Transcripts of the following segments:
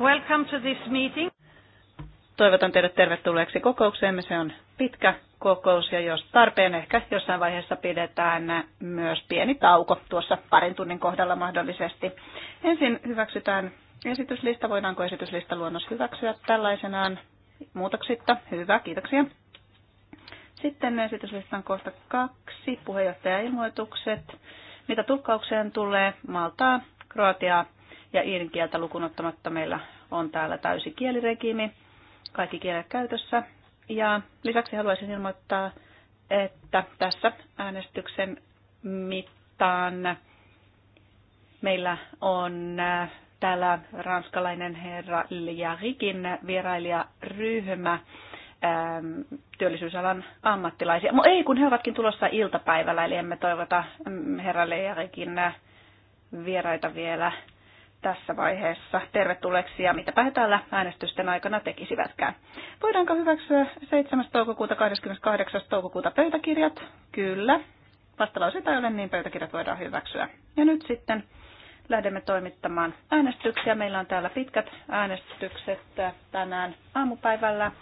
Welcome to this meeting. Toivotan teidät tervetulleeksi kokoukseemme. Se on pitkä kokous ja jos tarpeen ehkä jossain vaiheessa pidetään myös pieni tauko tuossa parin tunnin kohdalla mahdollisesti. Ensin hyväksytään esityslista. Voidaanko luonnos hyväksyä tällaisenaan muutoksitta? Hyvä, kiitoksia. Sitten esityslistan kohta kaksi, puheenjohtajailmoitukset. Mitä tulkkaukseen tulee? Maltaa, Kroatiaa, ja IN-kieltä lukunottamatta meillä on täällä täysi kieliregimi, kaikki kielet käytössä. Ja lisäksi haluaisin ilmoittaa, että tässä äänestyksen mittaan meillä on äh, täällä ranskalainen herra Lilja Rikin vierailijaryhmä ähm, työllisyysalan ammattilaisia. Mutta ei, kun he ovatkin tulossa iltapäivällä, eli emme toivota mm, herra Leijarekin äh, vieraita vielä tässä vaiheessa tervetulleeksi ja mitäpä he täällä äänestysten aikana tekisivätkään. Voidaanko hyväksyä 7. toukokuuta 28. toukokuuta pöytäkirjat? Kyllä. Vastalauseita ei ole, niin pöytäkirjat voidaan hyväksyä. Ja nyt sitten lähdemme toimittamaan äänestyksiä. Meillä on täällä pitkät äänestykset tänään aamupäivällä.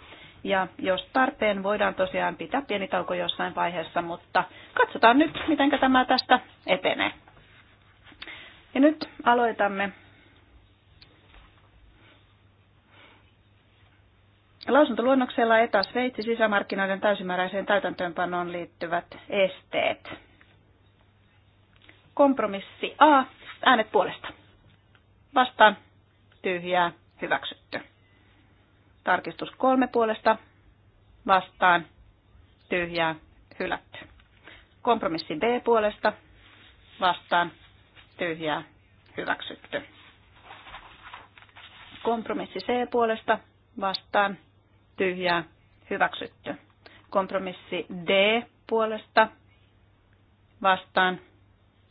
Ja jos tarpeen, voidaan tosiaan pitää pieni tauko jossain vaiheessa, mutta katsotaan nyt, miten tämä tästä etenee. Ja nyt aloitamme Lausuntoluonnoksella ETA Sveitsi sisämarkkinoiden täysimääräiseen täytäntöönpanoon liittyvät esteet. Kompromissi A. Äänet puolesta. Vastaan. Tyhjää. Hyväksytty. Tarkistus kolme puolesta. Vastaan. Tyhjää. Hylätty. Kompromissi B puolesta. Vastaan. Tyhjää. Hyväksytty. Kompromissi C puolesta. Vastaan tyhjää, hyväksytty. Kompromissi D puolesta vastaan,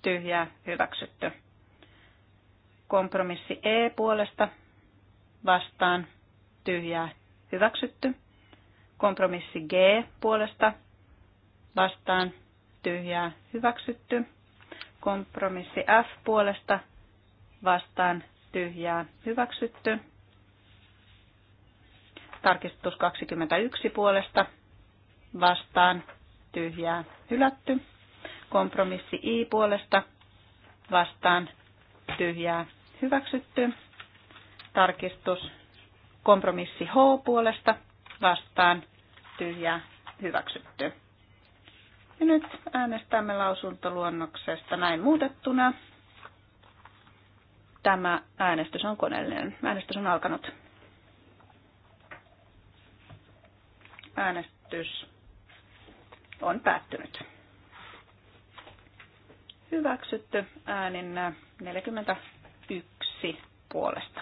tyhjää, hyväksytty. Kompromissi E puolesta vastaan, tyhjää, hyväksytty. Kompromissi G puolesta vastaan, tyhjää, hyväksytty. Kompromissi F puolesta vastaan, tyhjää, hyväksytty. Tarkistus 21 puolesta vastaan tyhjää hylätty. Kompromissi I puolesta vastaan tyhjää hyväksytty. Tarkistus kompromissi H puolesta vastaan tyhjää hyväksytty. Ja nyt äänestämme lausuntoluonnoksesta näin muutettuna. Tämä äänestys on koneellinen. Äänestys on alkanut. Äänestys on päättynyt. Hyväksytty äänin 41 puolesta.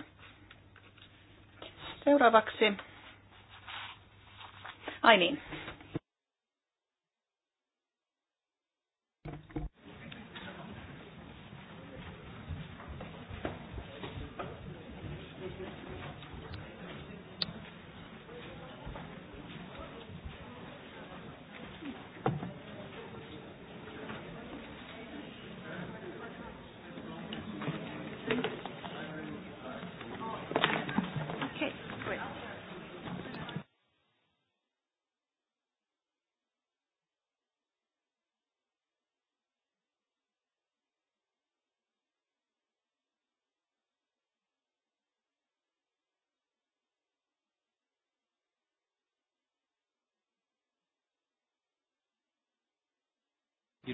Seuraavaksi. Ai niin,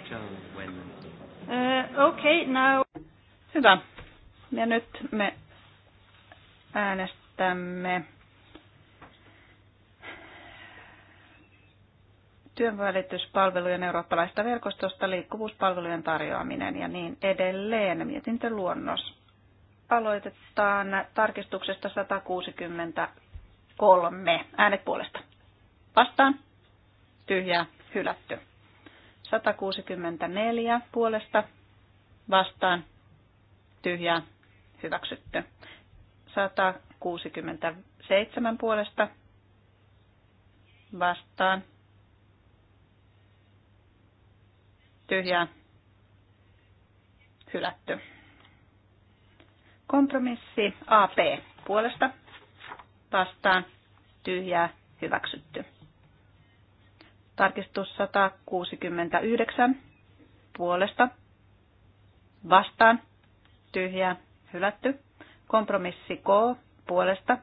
Uh, okay, now. Hyvä. Ja nyt me äänestämme työnvälityspalvelujen eurooppalaista verkostosta, liikkuvuuspalvelujen tarjoaminen ja niin edelleen. luonnos. Aloitetaan tarkistuksesta 163. Äänet puolesta. Vastaan. Tyhjää. Hylätty. 164 puolesta vastaan tyhjää hyväksytty. 167 puolesta vastaan tyhjää hylätty. Kompromissi AP puolesta vastaan tyhjää hyväksytty. Tarkistus 169 puolesta vastaan tyhjää hylätty. Kompromissi K puolesta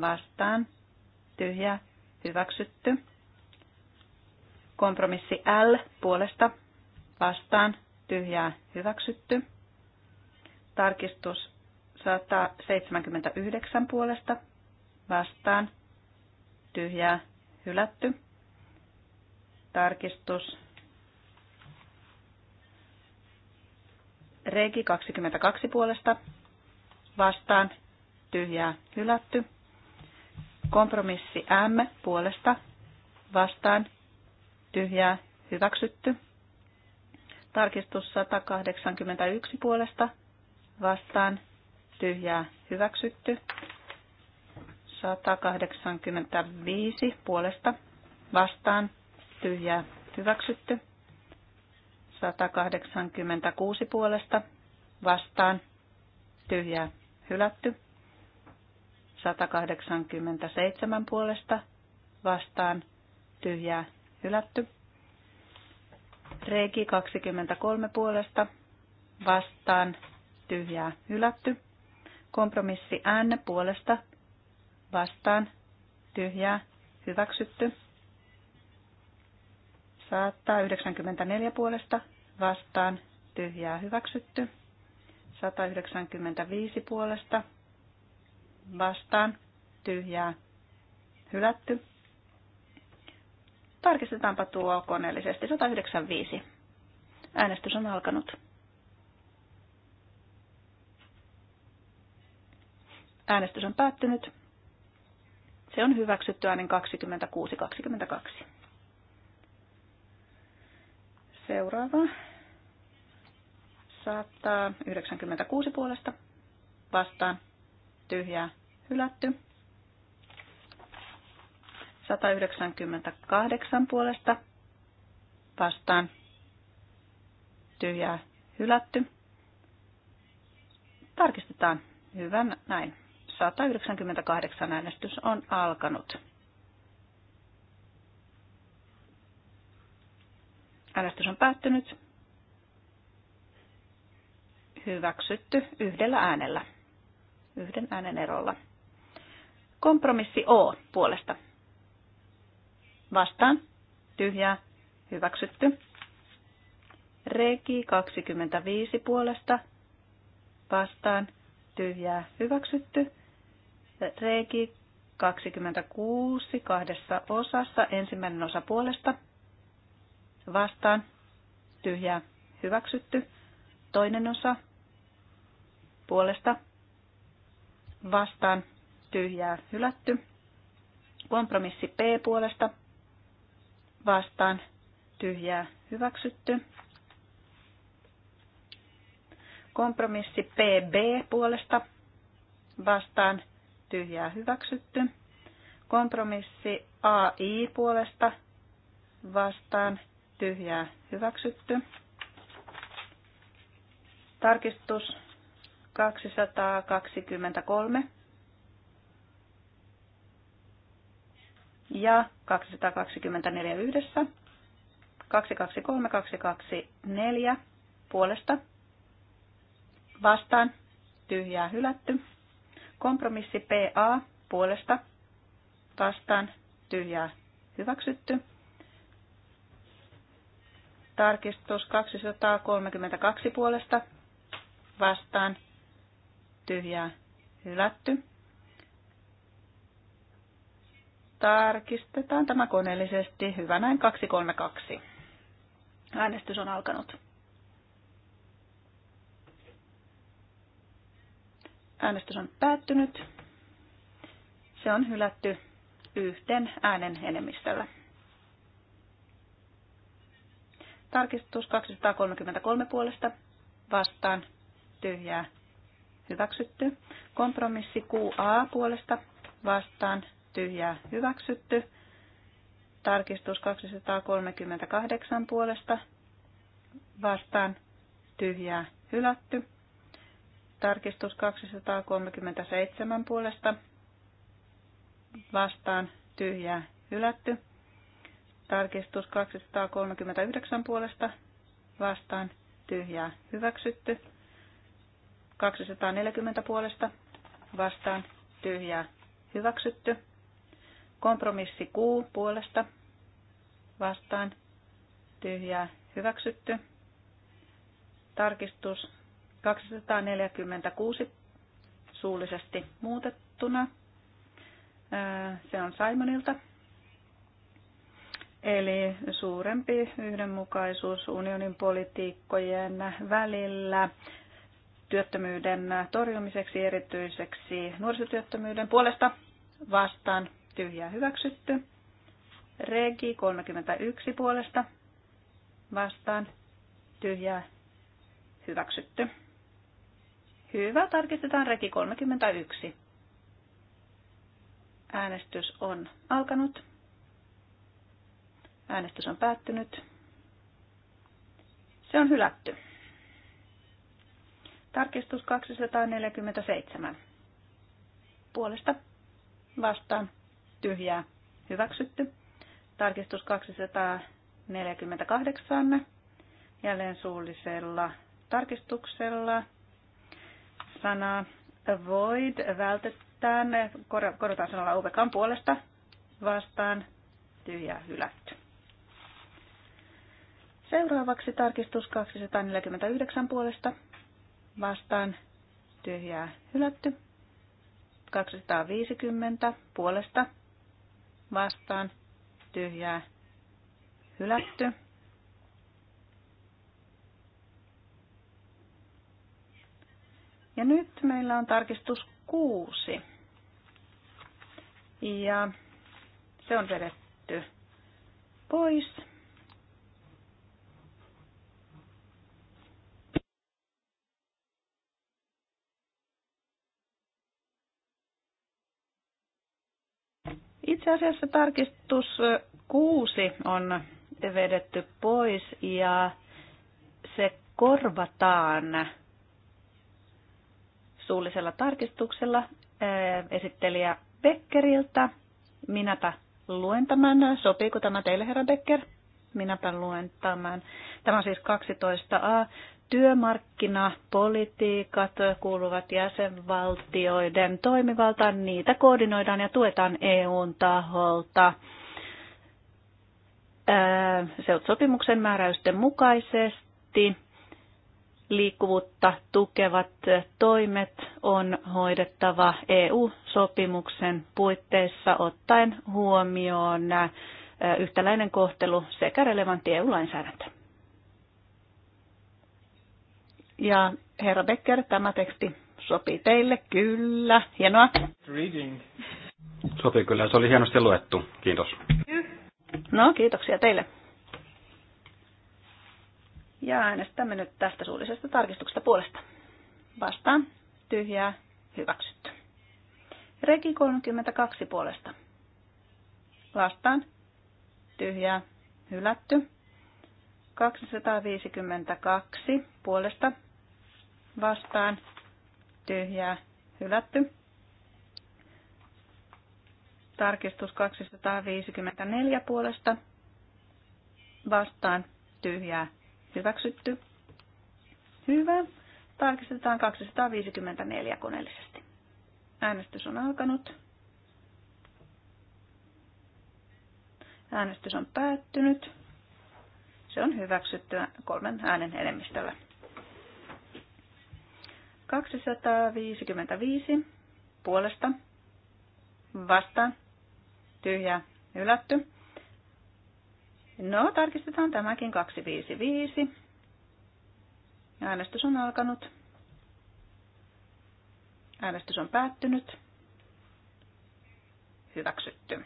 vastaan tyhjää hyväksytty. Kompromissi L puolesta vastaan tyhjää hyväksytty. Tarkistus 179 puolesta vastaan tyhjää hylätty tarkistus. Reiki 22 puolesta vastaan tyhjää hylätty. Kompromissi M puolesta vastaan tyhjää hyväksytty. Tarkistus 181 puolesta vastaan tyhjää hyväksytty. 185 puolesta vastaan tyhjää hyväksytty. 186 puolesta vastaan tyhjää hylätty. 187 puolesta vastaan tyhjää hylätty. Reiki 23 puolesta vastaan tyhjää hylätty. Kompromissi N puolesta vastaan tyhjää hyväksytty. 94 puolesta vastaan tyhjää hyväksytty. 195 puolesta vastaan tyhjää hylätty. Tarkistetaanpa tuo koneellisesti. 195. Äänestys on alkanut. Äänestys on päättynyt. Se on hyväksytty äänen 2622. Seuraava. 196 puolesta vastaan tyhjää hylätty. 198 puolesta vastaan tyhjää hylätty. Tarkistetaan. Hyvä, näin. 198 äänestys on alkanut. Äänestys on päättynyt. Hyväksytty yhdellä äänellä. Yhden äänen erolla. Kompromissi O puolesta. Vastaan. Tyhjää. Hyväksytty. Reki 25 puolesta. Vastaan. Tyhjää. Hyväksytty. Reiki 26 kahdessa osassa. Ensimmäinen osa puolesta vastaan, tyhjää, hyväksytty. Toinen osa puolesta, vastaan, tyhjää, hylätty. Kompromissi P puolesta, vastaan, tyhjää, hyväksytty. Kompromissi PB puolesta, vastaan, tyhjää, hyväksytty. Kompromissi AI puolesta, vastaan, tyhjää hyväksytty. Tarkistus 223 ja 224 yhdessä. 223, 224 puolesta. Vastaan tyhjää hylätty. Kompromissi PA puolesta. Vastaan tyhjää hyväksytty. Tarkistus 232 puolesta vastaan tyhjää hylätty. Tarkistetaan tämä koneellisesti. Hyvä näin 232. Äänestys on alkanut. Äänestys on päättynyt. Se on hylätty yhden äänen enemmistöllä. Tarkistus 233 puolesta vastaan tyhjää hyväksytty. Kompromissi QA puolesta vastaan tyhjää hyväksytty. Tarkistus 238 puolesta vastaan tyhjää hylätty. Tarkistus 237 puolesta vastaan tyhjää hylätty. Tarkistus 239 puolesta vastaan tyhjää hyväksytty. 240 puolesta vastaan tyhjää hyväksytty. Kompromissi Q puolesta vastaan tyhjää hyväksytty. Tarkistus 246 suullisesti muutettuna. Se on Simonilta Eli suurempi yhdenmukaisuus unionin politiikkojen välillä työttömyyden torjumiseksi, erityiseksi nuorisotyöttömyyden puolesta vastaan tyhjää hyväksytty. Regi 31 puolesta vastaan tyhjää hyväksytty. Hyvä, tarkistetaan Regi 31. Äänestys on alkanut. Äänestys on päättynyt. Se on hylätty. Tarkistus 247. Puolesta vastaan tyhjää hyväksytty. Tarkistus 248. Jälleen suullisella tarkistuksella sana avoid vältetään, korotaan sanalla uvekan puolesta vastaan tyhjää hylätty. Seuraavaksi tarkistus 249 puolesta vastaan tyhjää hylätty. 250 puolesta vastaan tyhjää hylätty. Ja nyt meillä on tarkistus 6. Ja se on vedetty pois. Itse asiassa tarkistus kuusi on vedetty pois ja se korvataan suullisella tarkistuksella esittelijä Beckeriltä. Minäpä luen tämän. Sopiiko tämä teille, herra Becker? Minäpä luen tämän. Tämä on siis 12a Työmarkkinapolitiikat kuuluvat jäsenvaltioiden toimivaltaan, niitä koordinoidaan ja tuetaan EUn taholta sopimuksen määräysten mukaisesti liikkuvuutta tukevat toimet on hoidettava EU-sopimuksen puitteissa ottaen huomioon yhtäläinen kohtelu sekä relevantti EU-lainsäädäntö. Ja herra Becker, tämä teksti sopii teille, kyllä. Hienoa. Reading. Sopii kyllä, se oli hienosti luettu. Kiitos. No, kiitoksia teille. Ja äänestämme nyt tästä suullisesta tarkistuksesta puolesta. Vastaan. Tyhjää. Hyväksytty. Regi 32 puolesta. Vastaan. Tyhjää. Hylätty. 252 puolesta vastaan tyhjää hylätty. Tarkistus 254 puolesta vastaan tyhjää hyväksytty. Hyvä. Tarkistetaan 254 koneellisesti. Äänestys on alkanut. Äänestys on päättynyt. Se on hyväksytty kolmen äänen enemmistöllä. 255 puolesta vasta tyhjä ylätty. No, tarkistetaan tämäkin 255. Äänestys on alkanut. Äänestys on päättynyt. Hyväksytty.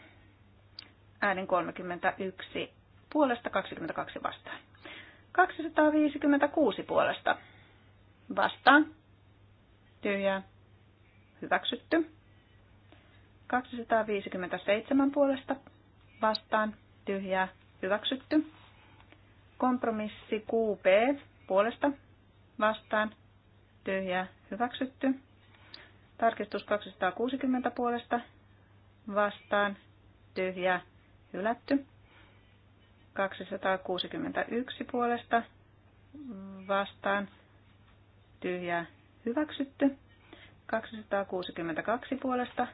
Äänen 31 puolesta 22 vastaan. 256 puolesta vastaan tyhjää hyväksytty. 257 puolesta vastaan tyhjää hyväksytty. Kompromissi QP puolesta vastaan tyhjää hyväksytty. Tarkistus 260 puolesta vastaan tyhjää hylätty. 261 puolesta vastaan tyhjää hyväksytty. 262 puolesta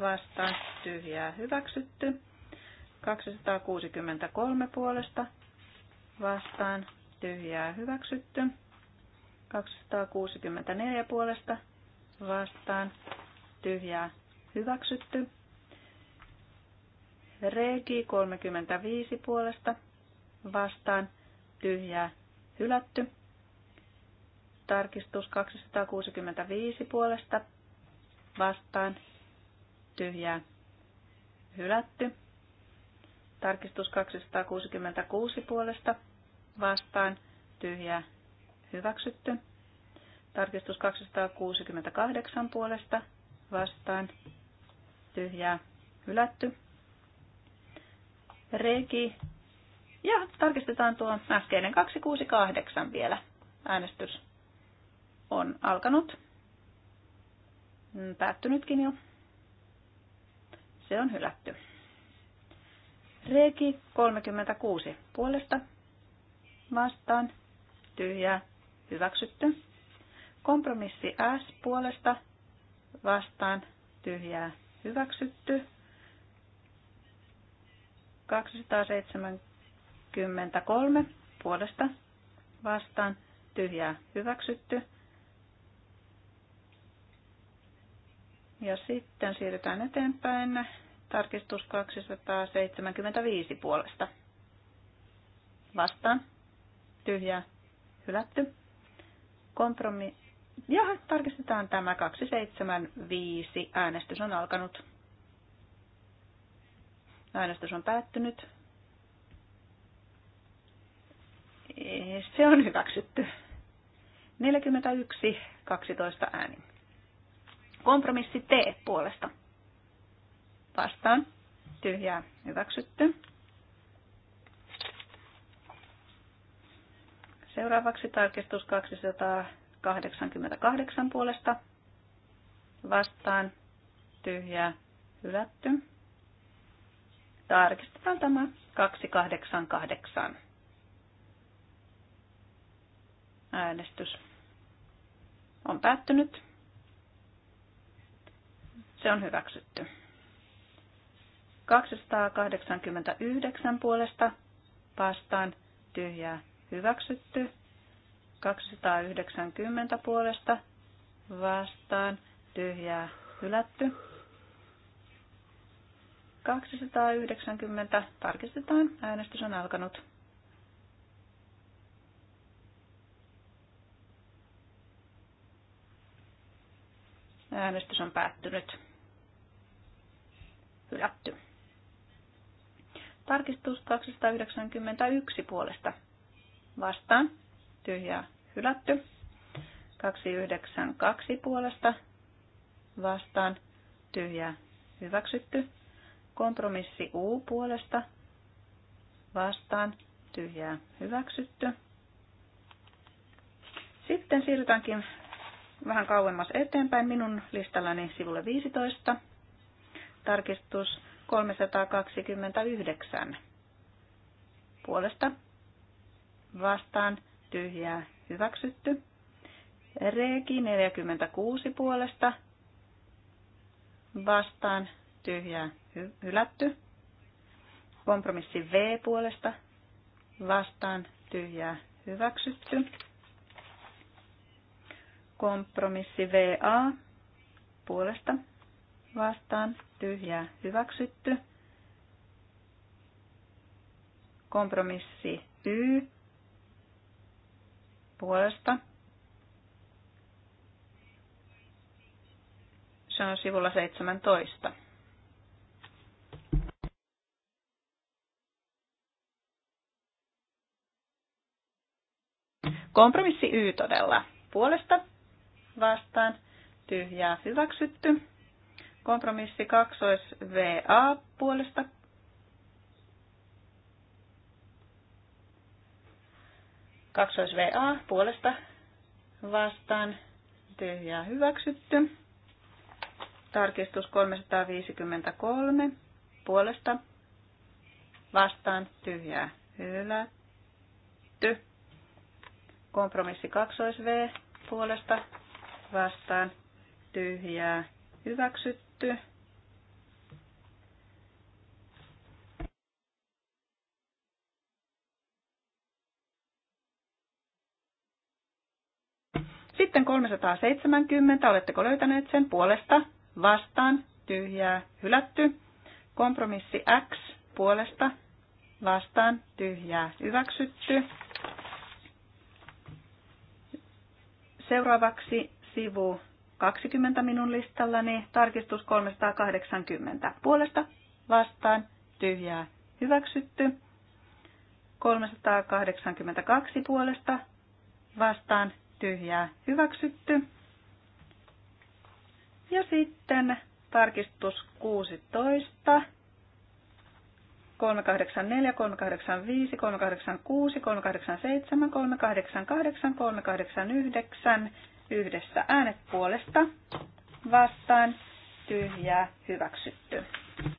vastaan tyhjää hyväksytty. 263 puolesta vastaan tyhjää hyväksytty. 264 puolesta vastaan tyhjää hyväksytty. Regi 35 puolesta vastaan tyhjää hylätty. Tarkistus 265 puolesta vastaan tyhjää hylätty. Tarkistus 266 puolesta vastaan tyhjää hyväksytty. Tarkistus 268 puolesta vastaan tyhjää hylätty. Regi. Ja tarkistetaan tuo äskeinen 268 vielä. Äänestys on alkanut. Mm, päättynytkin jo. Se on hylätty. Reiki 36 puolesta vastaan tyhjää hyväksytty. Kompromissi S puolesta vastaan tyhjää hyväksytty. 273 puolesta vastaan tyhjää hyväksytty. Ja sitten siirrytään eteenpäin. Tarkistus 275 puolesta. Vastaan. tyhjä Hylätty. Kompromi. Ja tarkistetaan tämä 275. Äänestys on alkanut. Äänestys on päättynyt. Eh, se on hyväksytty. 41, 12 ääni. Kompromissi T puolesta. Vastaan. Tyhjää. Hyväksytty. Seuraavaksi tarkistus 288 puolesta. Vastaan. Tyhjää. Hylätty. Tarkistetaan tämä 288 äänestys on päättynyt. Se on hyväksytty. 289 puolesta vastaan tyhjää hyväksytty. 290 puolesta vastaan tyhjää hylätty. 290 tarkistetaan. Äänestys on alkanut. Äänestys on päättynyt. Hylätty. Tarkistus 291 puolesta. Vastaan. Tyhjää. Hylätty. 292 puolesta. Vastaan. Tyhjää. Hyväksytty. Kompromissi U puolesta. Vastaan. Tyhjää. Hyväksytty. Sitten siirrytäänkin vähän kauemmas eteenpäin minun listallani sivulle 15. Tarkistus 329. Puolesta vastaan tyhjää hyväksytty. Reeki 46 puolesta vastaan tyhjää hy- hylätty. Kompromissi V puolesta vastaan tyhjää hyväksytty. Kompromissi VA puolesta vastaan tyhjää hyväksytty. Kompromissi Y puolesta. Se on sivulla 17. Kompromissi Y todella. Puolesta vastaan tyhjää hyväksytty. Kompromissi 2 VA puolesta kaksois VA puolesta vastaan tyhjää hyväksytty. Tarkistus 353 puolesta vastaan tyhjää hylätty. Kompromissi kaksois V puolesta vastaan tyhjää hyväksytty. Hylätty. Sitten 370, oletteko löytäneet sen puolesta, vastaan, tyhjää, hylätty. Kompromissi X, puolesta, vastaan, tyhjää, hyväksytty. Seuraavaksi sivu 20 minun listallani, tarkistus 380 puolesta vastaan, tyhjää hyväksytty. 382 puolesta vastaan, tyhjää hyväksytty. Ja sitten tarkistus 16, 384, 385, 386, 387, 388, 389, yhdessä äänet puolesta vastaan tyhjää hyväksytty.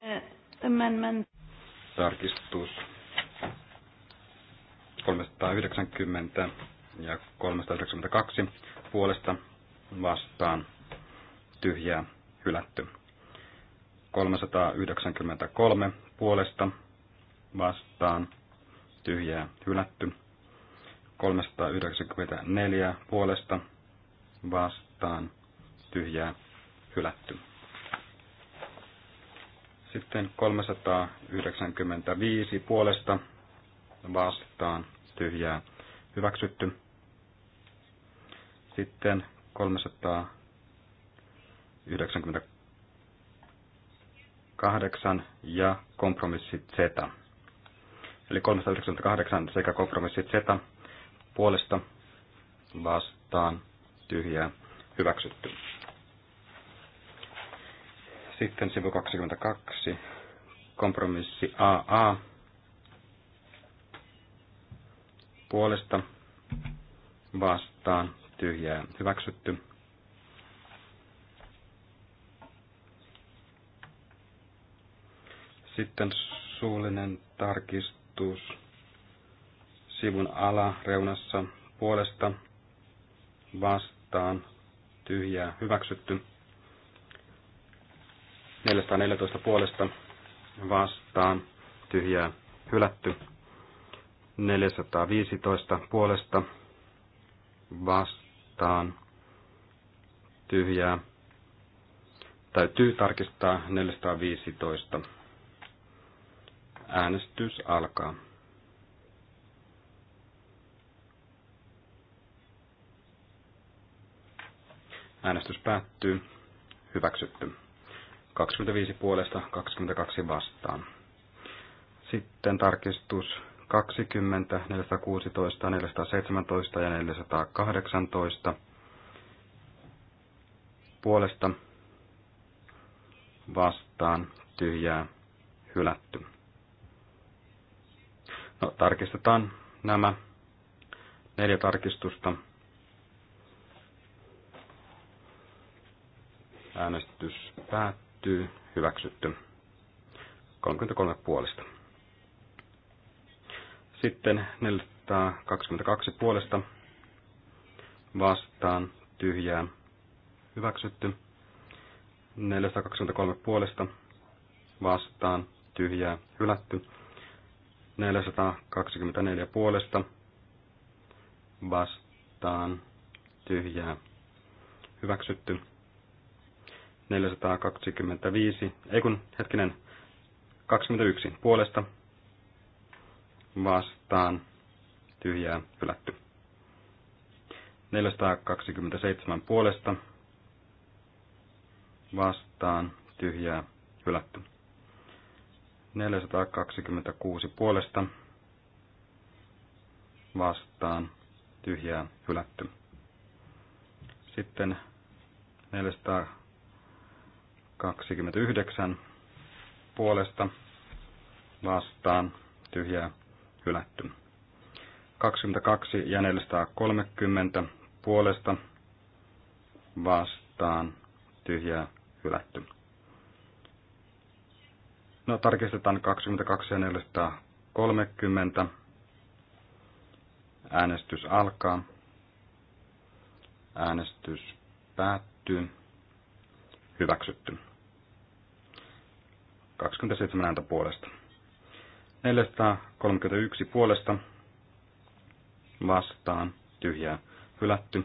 Eh, amendment. Tarkistus 390 ja 392 puolesta vastaan tyhjää hylätty. 393 puolesta vastaan tyhjää hylätty. 394 puolesta vastaan tyhjää hylätty. Sitten 395 puolesta vastaan tyhjää hyväksytty. Sitten 398 ja kompromissi Z. Eli 398 sekä kompromissi Z puolesta vastaan tyhjää hyväksytty. Sitten sivu 22, kompromissi AA puolesta vastaan tyhjää hyväksytty. Sitten suullinen tarkistus sivun alareunassa puolesta vastaan vastaan tyhjää hyväksytty. 414 puolesta vastaan tyhjää hylätty. 415 puolesta vastaan tyhjää. Täytyy tarkistaa 415. Äänestys alkaa. Äänestys päättyy. Hyväksytty. 25 puolesta 22 vastaan. Sitten tarkistus 20, 416, 417 ja 418 puolesta vastaan tyhjää hylätty. No, tarkistetaan nämä neljä tarkistusta. Äänestys päättyy. Hyväksytty. 33 puolesta. Sitten 422 puolesta vastaan tyhjää. Hyväksytty. 423 puolesta vastaan tyhjää. Hylätty. 424 puolesta vastaan tyhjää. Hyväksytty. 425, ei kun hetkinen, 21 puolesta vastaan tyhjää hylätty. 427 puolesta vastaan tyhjää hylätty. 426 puolesta vastaan tyhjää hylätty. Sitten 400 29 puolesta vastaan tyhjää hylätty. 22 ja 430 puolesta vastaan tyhjää hylätty. No tarkistetaan 22 ja 430. Äänestys alkaa. Äänestys päättyy. Hyväksytty. 27 ääntä puolesta. 431 puolesta vastaan tyhjää hylätty.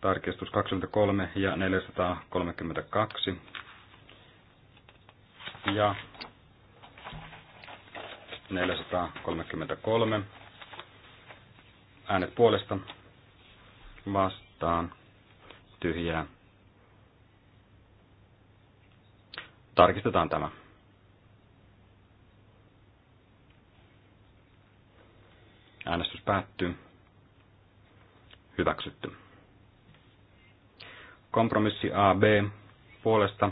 Tarkistus 23 ja 432. Ja 433. Äänet puolesta vastaan tyhjää tarkistetaan tämä. Äänestys päättyy. Hyväksytty. Kompromissi AB puolesta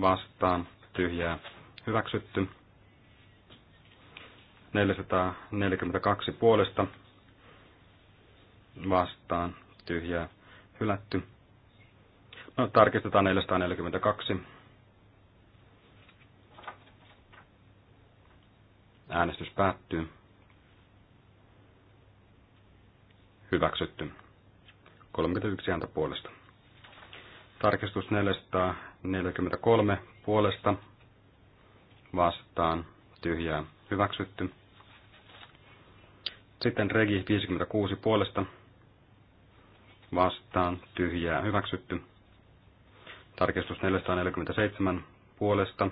vastaan tyhjää hyväksytty. 442 puolesta vastaan tyhjää hylätty. No, tarkistetaan 442. Äänestys päättyy. Hyväksytty. 31 ääntä puolesta. Tarkistus 443 puolesta vastaan tyhjää hyväksytty. Sitten regi 56 puolesta vastaan tyhjää hyväksytty. Tarkistus 447 puolesta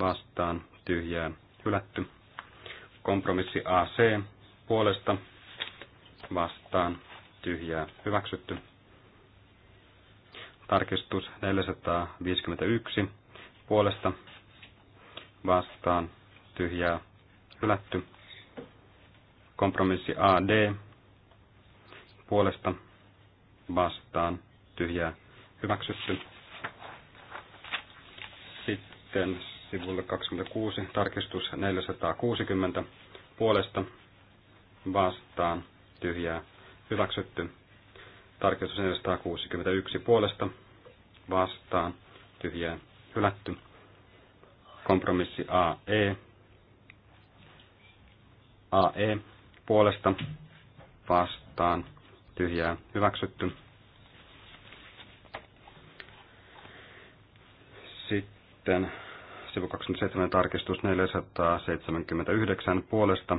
vastaan tyhjää hylätty. Kompromissi AC puolesta vastaan tyhjää hyväksytty. Tarkistus 451 puolesta vastaan tyhjää hylätty. Kompromissi AD puolesta vastaan tyhjää hyväksytty. Sitten sivulle 26, tarkistus 460 puolesta vastaan tyhjää hyväksytty. Tarkistus 461 puolesta vastaan tyhjää hylätty. Kompromissi AE. AE puolesta vastaan tyhjää hyväksytty. Sitten sivu 27 tarkistus 479 puolesta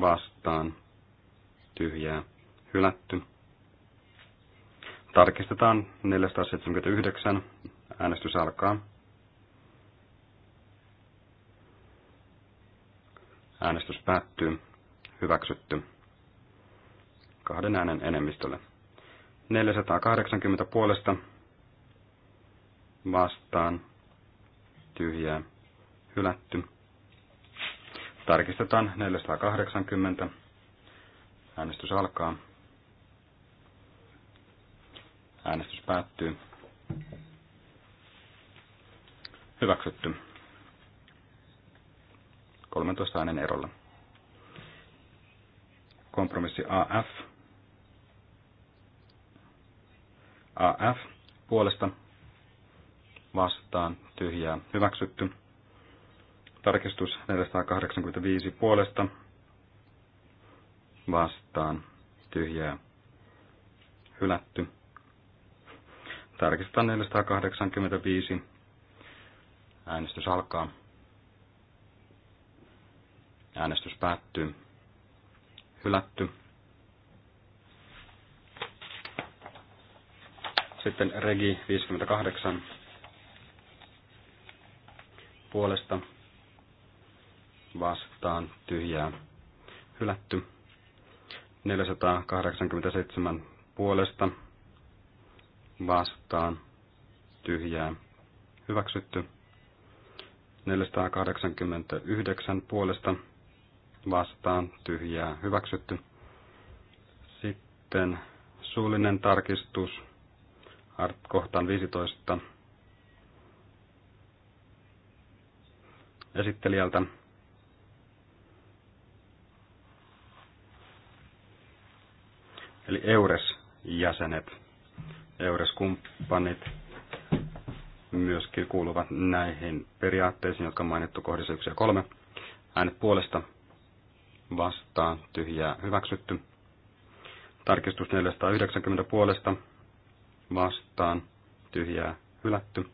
vastaan tyhjää hylätty. Tarkistetaan 479. Äänestys alkaa. Äänestys päättyy. Hyväksytty. Kahden äänen enemmistölle. 480 puolesta vastaan tyhjää hylätty. Tarkistetaan 480. Äänestys alkaa. Äänestys päättyy. Hyväksytty. 13 äänen erolla. Kompromissi AF. AF puolesta vastaan tyhjää hyväksytty. Tarkistus 485 puolesta vastaan tyhjää hylätty. Tarkistetaan 485. Äänestys alkaa. Äänestys päättyy. Hylätty. Sitten Regi 58 puolesta vastaan tyhjää hylätty. 487 puolesta vastaan tyhjää hyväksytty. 489 puolesta vastaan tyhjää hyväksytty. Sitten suullinen tarkistus kohtaan 15 esittelijältä. Eli EURES-jäsenet, EURES-kumppanit myöskin kuuluvat näihin periaatteisiin, jotka on mainittu kohdissa 1 ja 3. Äänet puolesta vastaan tyhjää hyväksytty. Tarkistus 490 puolesta vastaan tyhjää hylätty.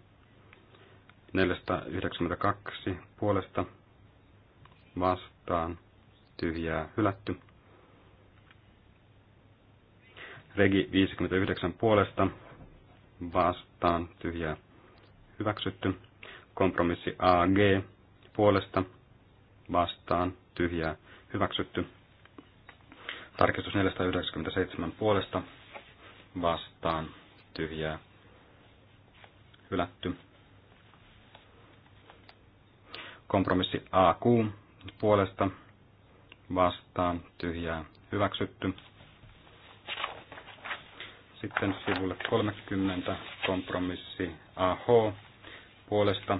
492 puolesta vastaan tyhjää hylätty. Regi 59 puolesta vastaan tyhjää hyväksytty. Kompromissi AG puolesta vastaan tyhjää hyväksytty. Tarkistus 497 puolesta vastaan tyhjää hylätty. Kompromissi AQ puolesta vastaan tyhjää hyväksytty. Sitten sivulle 30 kompromissi AH puolesta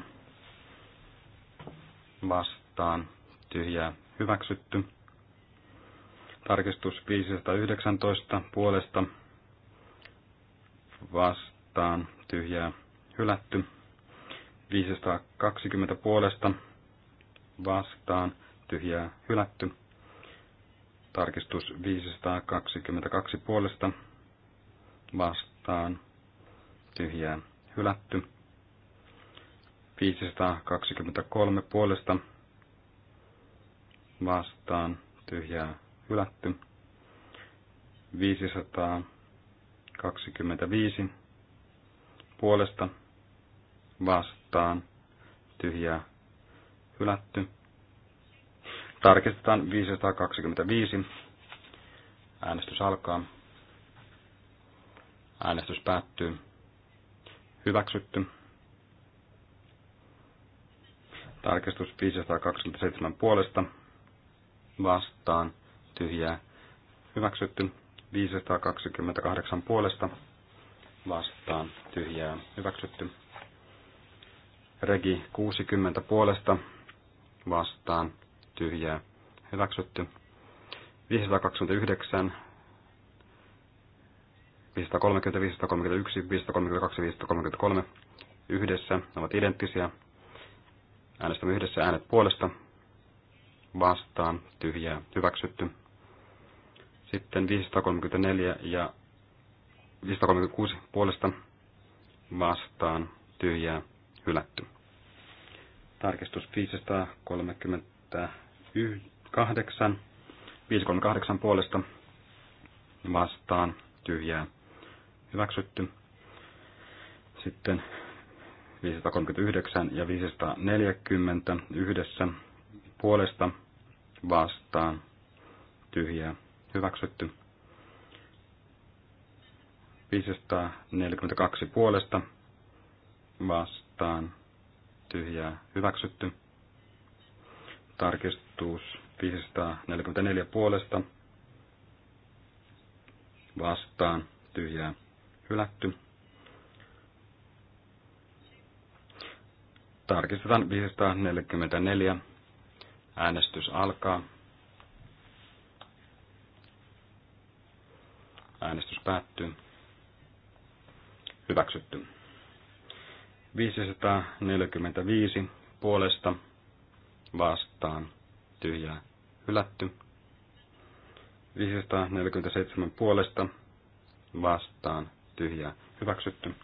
vastaan tyhjää hyväksytty. Tarkistus 519 puolesta vastaan tyhjää hylätty. 520 puolesta vastaan tyhjää hylätty. Tarkistus 522 puolesta vastaan tyhjää hylätty. 523 puolesta vastaan tyhjää hylätty. 525 puolesta vastaan tyhjää hylätty. Tarkistetaan 525. Äänestys alkaa. Äänestys päättyy. Hyväksytty. Tarkistus 527 puolesta. Vastaan. Tyhjää. Hyväksytty. 528 puolesta. Vastaan. Tyhjää. Hyväksytty. Regi 60 puolesta vastaan tyhjää hyväksytty. 529, 530, 531, 532, 533 yhdessä ne ovat identtisiä. Äänestämme yhdessä äänet puolesta vastaan tyhjää hyväksytty. Sitten 534 ja 536 puolesta vastaan tyhjää hylätty. Tarkistus 538. 538 puolesta vastaan tyhjää hyväksytty. Sitten 539 ja 540 yhdessä puolesta vastaan tyhjää hyväksytty. 542 puolesta vastaan tyhjää hyväksytty. Tarkistus 544 puolesta vastaan tyhjää hylätty. Tarkistetaan 544. Äänestys alkaa. Äänestys päättyy. Hyväksytty. 545 puolesta vastaan tyhjää hylätty. 547 puolesta vastaan tyhjää hyväksytty.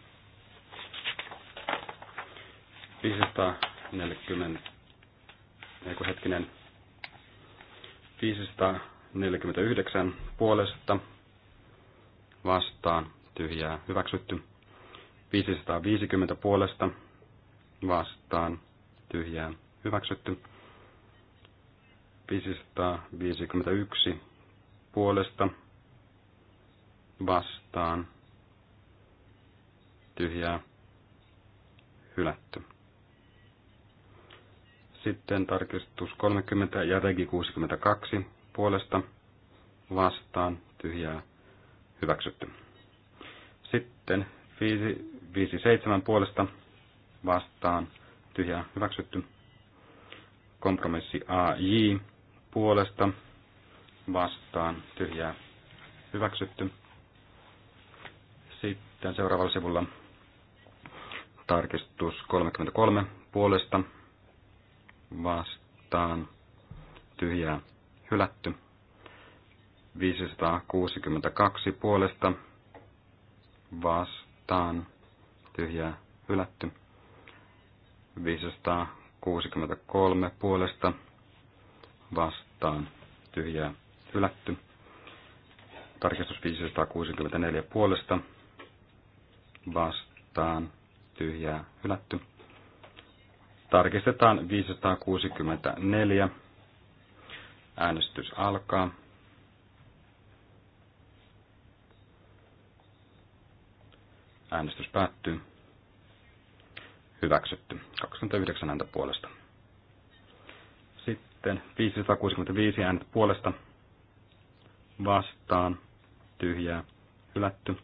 540, hetkinen, 549 puolesta vastaan tyhjää hyväksytty. 550 puolesta vastaan tyhjää hyväksytty. 551 puolesta vastaan tyhjää hylätty. Sitten tarkistus 30 ja regi 62 puolesta vastaan tyhjää hyväksytty. Sitten 57 puolesta vastaan tyhjää hyväksytty. Kompromissi AJ puolesta vastaan tyhjää hyväksytty. Sitten seuraavalla sivulla tarkistus 33 puolesta vastaan tyhjää hylätty. 562 puolesta vastaan tyhjää hylätty. 563 puolesta vastaan tyhjää hylätty. Tarkistus 564 puolesta vastaan tyhjää hylätty. Tarkistetaan 564. Äänestys alkaa. Äänestys päättyy. Hyväksytty. 29 ääntä puolesta. Sitten 565 ääntä puolesta. Vastaan. Tyhjää. Hylätty.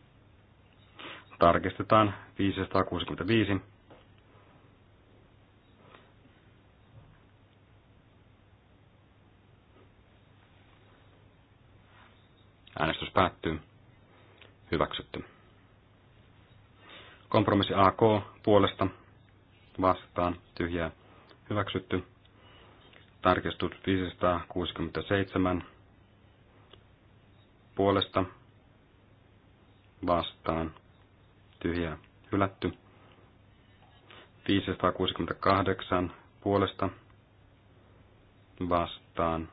Tarkistetaan 565. Äänestys päättyy. Hyväksytty. Kompromissi AK puolesta vastaan tyhjää hyväksytty. Tarkistus 567 puolesta vastaan tyhjää hylätty. 568 puolesta vastaan.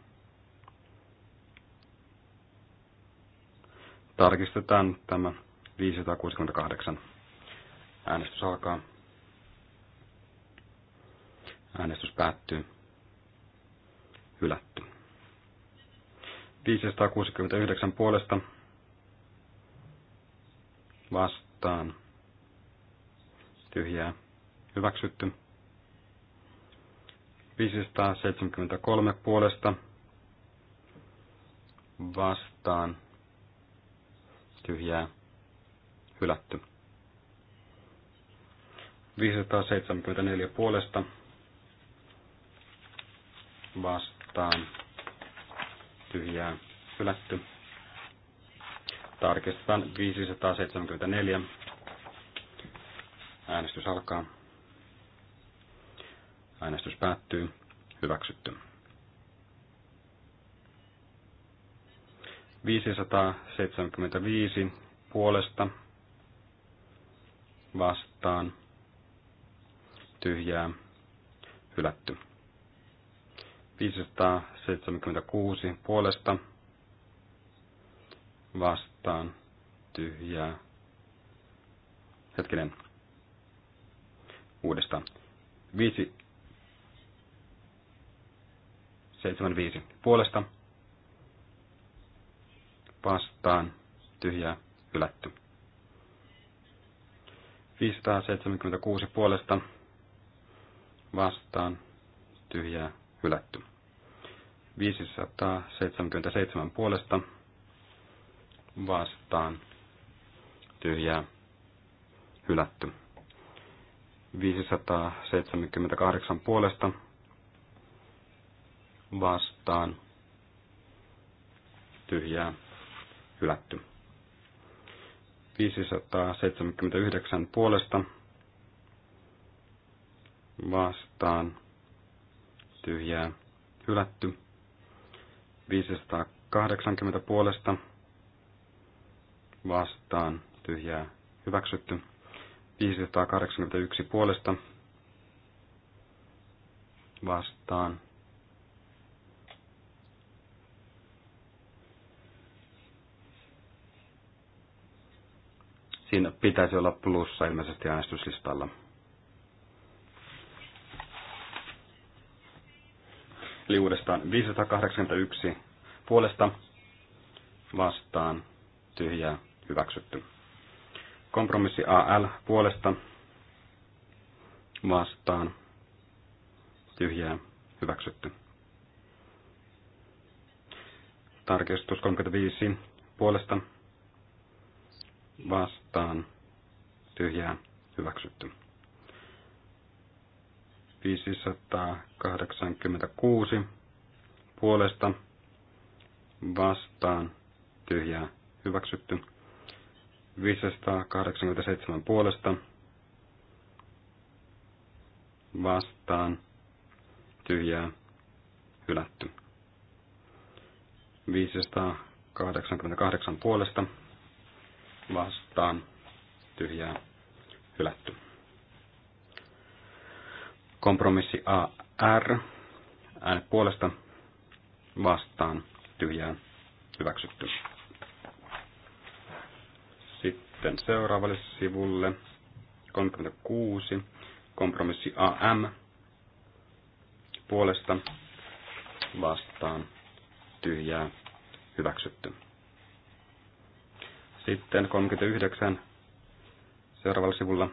Tarkistetaan tämä 568. Äänestys alkaa. Äänestys päättyy. Hylätty. 569 puolesta vastaan tyhjää hyväksytty. 573 puolesta vastaan tyhjää hylätty. 574 puolesta vastaan tyhjää hylätty. Tarkistetaan 574. Äänestys alkaa. Äänestys päättyy. Hyväksytty. 575 puolesta vastaan tyhjää hylätty. 576 puolesta vastaan tyhjää. Hetkinen. Uudestaan. 5 75 puolesta vastaan tyhjää hylätty. 576 puolesta vastaan tyhjää hylätty. 577 puolesta vastaan tyhjää hylätty. 578 puolesta vastaan tyhjää hylätty. 579 puolesta vastaan vastaan tyhjää hylätty. 580 puolesta vastaan tyhjää hyväksytty. 581 puolesta vastaan siinä pitäisi olla plussa ilmeisesti äänestyslistalla. Eli uudestaan 581 puolesta vastaan tyhjää hyväksytty. Kompromissi AL puolesta vastaan tyhjää hyväksytty. Tarkistus 35 puolesta vastaan tyhjää hyväksytty. 586 puolesta vastaan tyhjää hyväksytty. 587 puolesta vastaan tyhjää hylätty. 588 puolesta vastaan tyhjää hylätty. Kompromissi AR, ääne puolesta vastaan tyhjään hyväksytty. Sitten seuraavalle sivulle 36, kompromissi AM puolesta vastaan tyhjää hyväksytty. Sitten 39 seuraavalla sivulla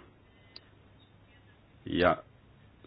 ja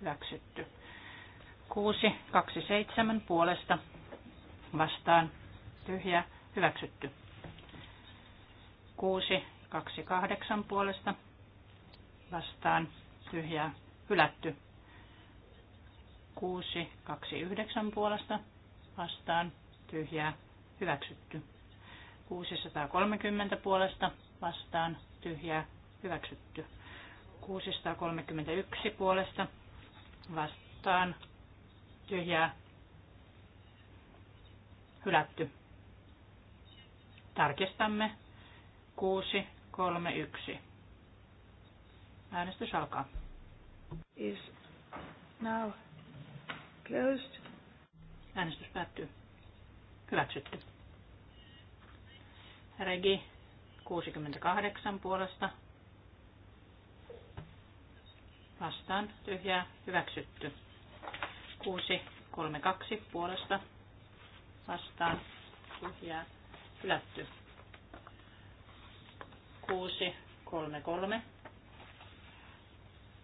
hyväksytty. 6, 2, 7 puolesta vastaan tyhjä hyväksytty. 6, 2, 8 puolesta vastaan tyhjä hylätty. 6, 2, 9 puolesta vastaan tyhjä hyväksytty. 630 puolesta vastaan tyhjä hyväksytty. 631 puolesta vastaan tyhjää hylätty. Tarkistamme 6, 3, 1. Äänestys alkaa. Is now closed. Äänestys päättyy. Hyväksytty. Regi 68 puolesta vastaan tyhjää hyväksytty. 6, 3, 2 puolesta vastaan tyhjää hylätty. 6, 3, 3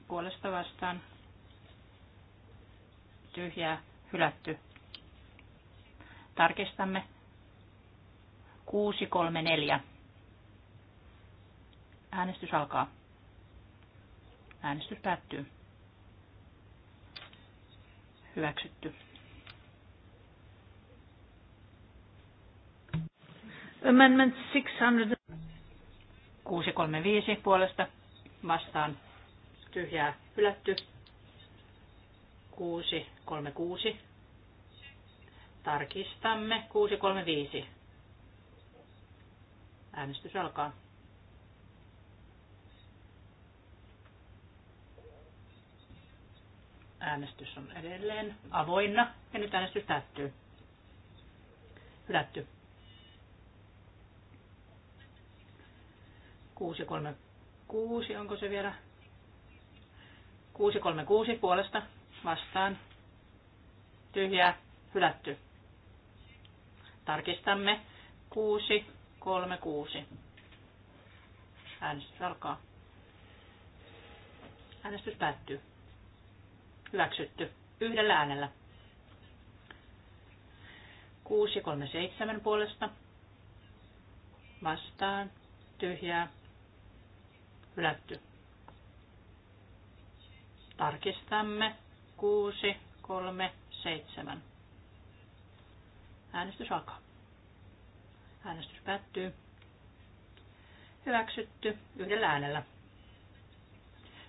puolesta vastaan tyhjää hylätty. Tarkistamme. 6, 3, 4. Äänestys alkaa. Äänestys päättyy. Hyväksytty. Amendment 635 puolesta vastaan tyhjää hylätty. 636. Tarkistamme 635. Äänestys alkaa. Äänestys on edelleen avoinna ja nyt äänestys päättyy. Hylätty. 636, onko se vielä? 636 puolesta vastaan. Tyhjää, hylätty. Tarkistamme. 636. Äänestys alkaa. Äänestys päättyy. Hyväksytty. Yhdellä äänellä. 6 ja 37 puolesta. Vastaan. Tyhjää. Hylätty. Tarkistamme. 6, 3, 7. Äänestys alkaa. Äänestys päättyy. Hyväksytty yhdellä äänellä.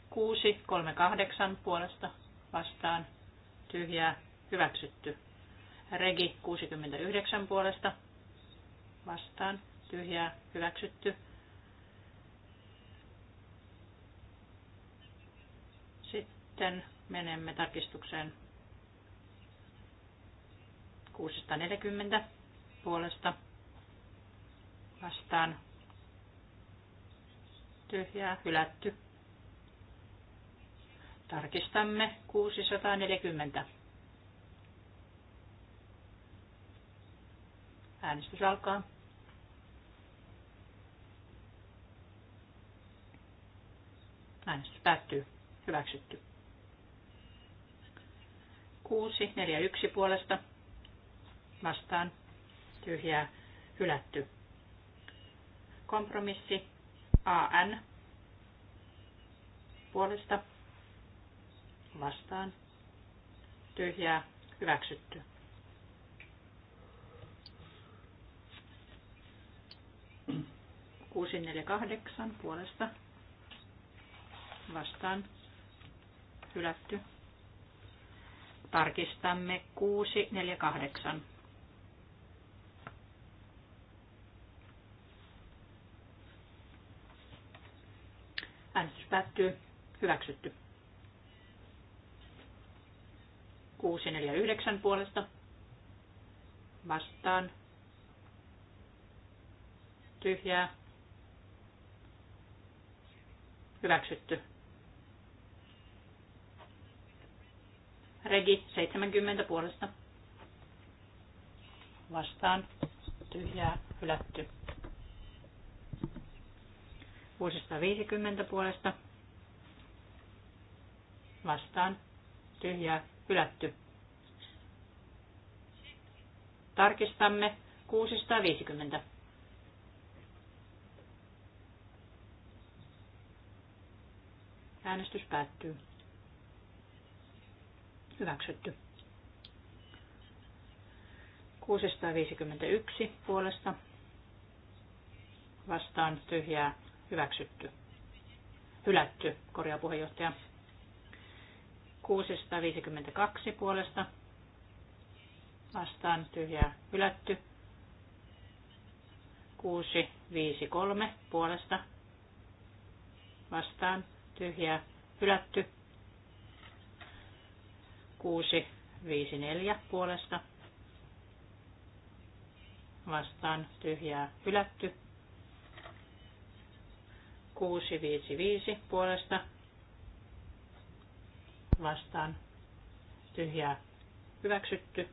6, 3, 8 puolesta vastaan tyhjää hyväksytty. Regi 69 puolesta vastaan tyhjää hyväksytty. Sitten menemme tarkistukseen 640 puolesta vastaan tyhjää hylätty. Tarkistamme 640. Äänestys alkaa. Äänestys päättyy. Hyväksytty. 6, 4, 1 puolesta. Vastaan. Tyhjää. Hylätty. Kompromissi. AN. Puolesta vastaan tyhjää hyväksytty. Kuusi neljä kahdeksan puolesta vastaan hylätty. Tarkistamme kahdeksan. Äänestys päättyy. Hyväksytty. 649 puolesta vastaan tyhjää hyväksytty. Regi 70 puolesta vastaan tyhjää hylätty. 650 puolesta vastaan tyhjää Hylätty. Tarkistamme 650. Äänestys päättyy. Hyväksytty. 651 puolesta vastaan tyhjää hyväksytty. Hylätty, korjaa puheenjohtaja. 652 puolesta vastaan tyhjää hylätty. 653 puolesta vastaan tyhjää hylätty. 654 puolesta vastaan tyhjää hylätty. 655 puolesta vastaan tyhjää hyväksytty.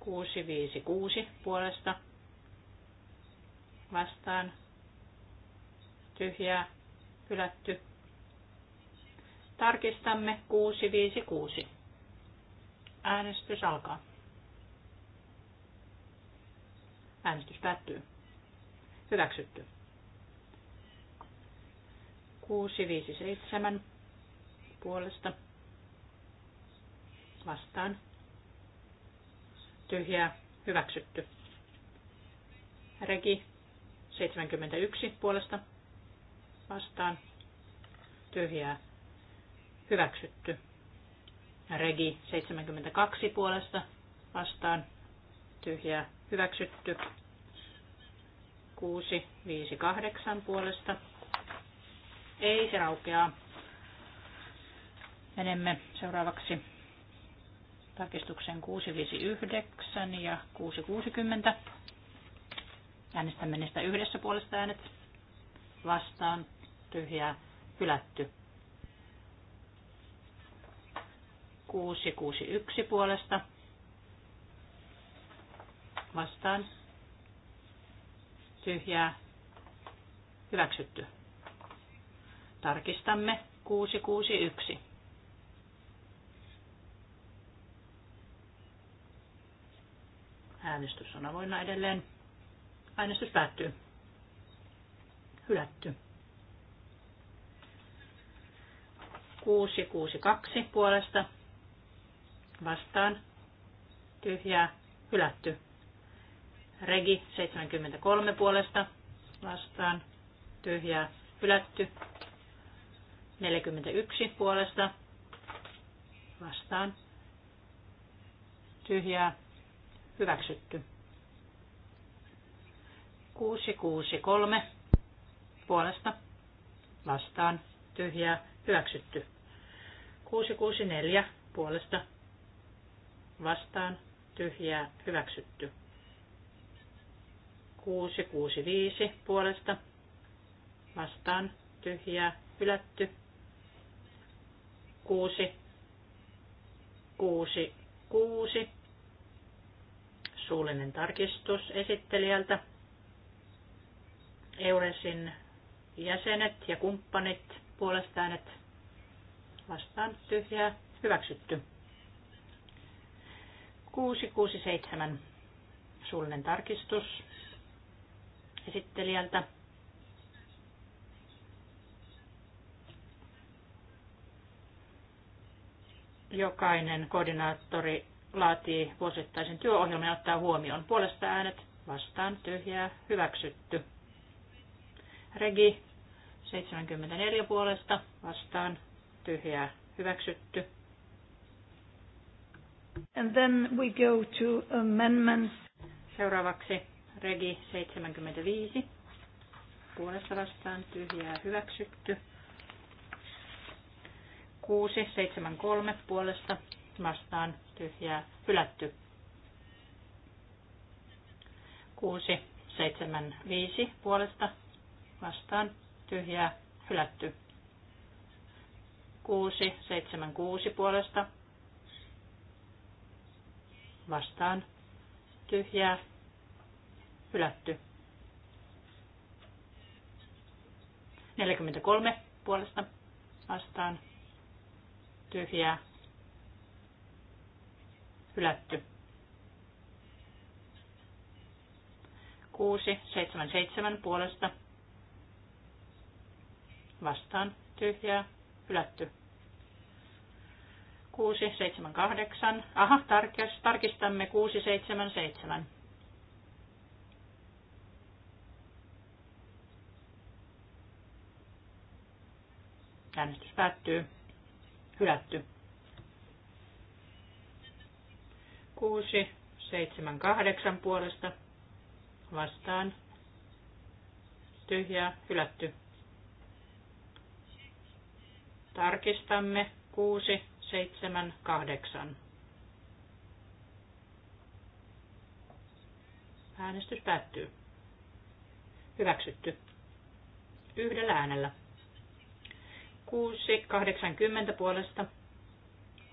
656 puolesta vastaan tyhjää hylätty. Tarkistamme 656. Äänestys alkaa. Äänestys päättyy. Hyväksytty. 657 puolesta vastaan tyhjää hyväksytty. Regi 71 puolesta vastaan tyhjää hyväksytty. Regi 72 puolesta vastaan tyhjää hyväksytty. 6, 5, 8 puolesta. Ei se raukeaa. Menemme seuraavaksi tarkistuksen 659 ja 660. Äänestämme niistä yhdessä puolesta äänet. Vastaan tyhjää hylätty. 661 puolesta. Vastaan tyhjää hyväksytty. Tarkistamme 661. Äänestys on avoinna edelleen. Äänestys päättyy. Hylätty. 662 puolesta vastaan. Tyhjää. Hylätty. Regi 73 puolesta vastaan. Tyhjää. Hylätty. 41 puolesta vastaan. Tyhjää Hyväksytty. 663 puolesta vastaan tyhjää hyväksytty. 664 puolesta vastaan tyhjää hyväksytty. 665 puolesta vastaan tyhjää hylätty. 6 6 6 suullinen tarkistus esittelijältä. Euresin jäsenet ja kumppanit puolestaan, että vastaan tyhjää hyväksytty. 667 suullinen tarkistus esittelijältä. Jokainen koordinaattori laatii vuosittaisen työohjelman ja ottaa huomioon puolesta äänet, vastaan tyhjää, hyväksytty. Regi 74 puolesta, vastaan tyhjää, hyväksytty. And then we go to amendments. Seuraavaksi Regi 75 puolesta vastaan tyhjää, hyväksytty. 673 puolesta vastaan tyhjää hylätty. 6, 7, 5 puolesta vastaan tyhjää hylätty. 6, 7, 6 puolesta vastaan tyhjää hylätty. 43 puolesta vastaan tyhjää Hylätty. 6, 7, 7 puolesta. Vastaan. Tyhjää. Hylätty. 6, 7, 8. Aha, tarkist, tarkistamme 6, 7, 7. Äänestys päättyy. Hylätty. 6, 7, 8 puolesta vastaan. Tyhjää, hylätty. Tarkistamme 6, 7, 8. Äänestys päättyy. Hyväksytty. Yhdellä äänellä. 6.80 puolesta.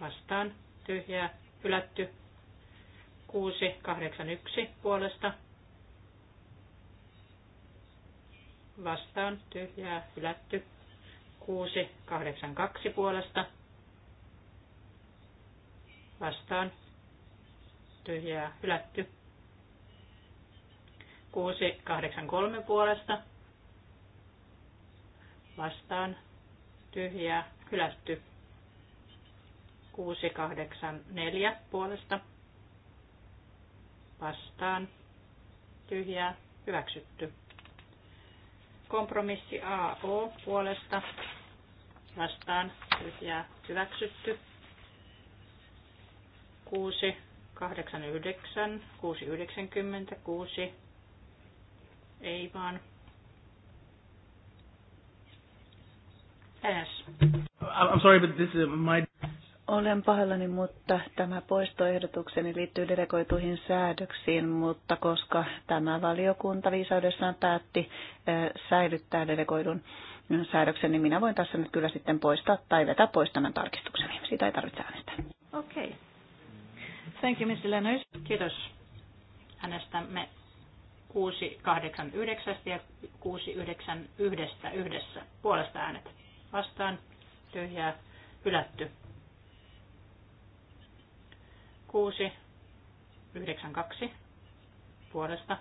Vastaan. Tyhjää. Hylätty. 681 puolesta vastaan tyhjää hylätty. 682 puolesta vastaan tyhjää hylätty. 683 puolesta vastaan tyhjää hylätty. 684 puolesta vastaan, tyhjää, hyväksytty. Kompromissi AO puolesta vastaan, tyhjää, hyväksytty. 6, 8, 9, 6, 90, 6, ei vaan. S. I'm sorry, but this is my... Olen pahoillani, mutta tämä poistoehdotukseni liittyy delegoituihin säädöksiin, mutta koska tämä valiokunta viisaudessaan päätti säilyttää delegoidun säädöksen, niin minä voin tässä nyt kyllä sitten poistaa tai vetää pois tämän tarkistukseni. Siitä ei tarvitse äänestää. Okei. Okay. Thank you, Mr. Lenners. Kiitos. Äänestämme 689 ja 691 yhdessä. Puolesta äänet. Vastaan. Tyhjää. Hylätty. 6, 9, 2 puolesta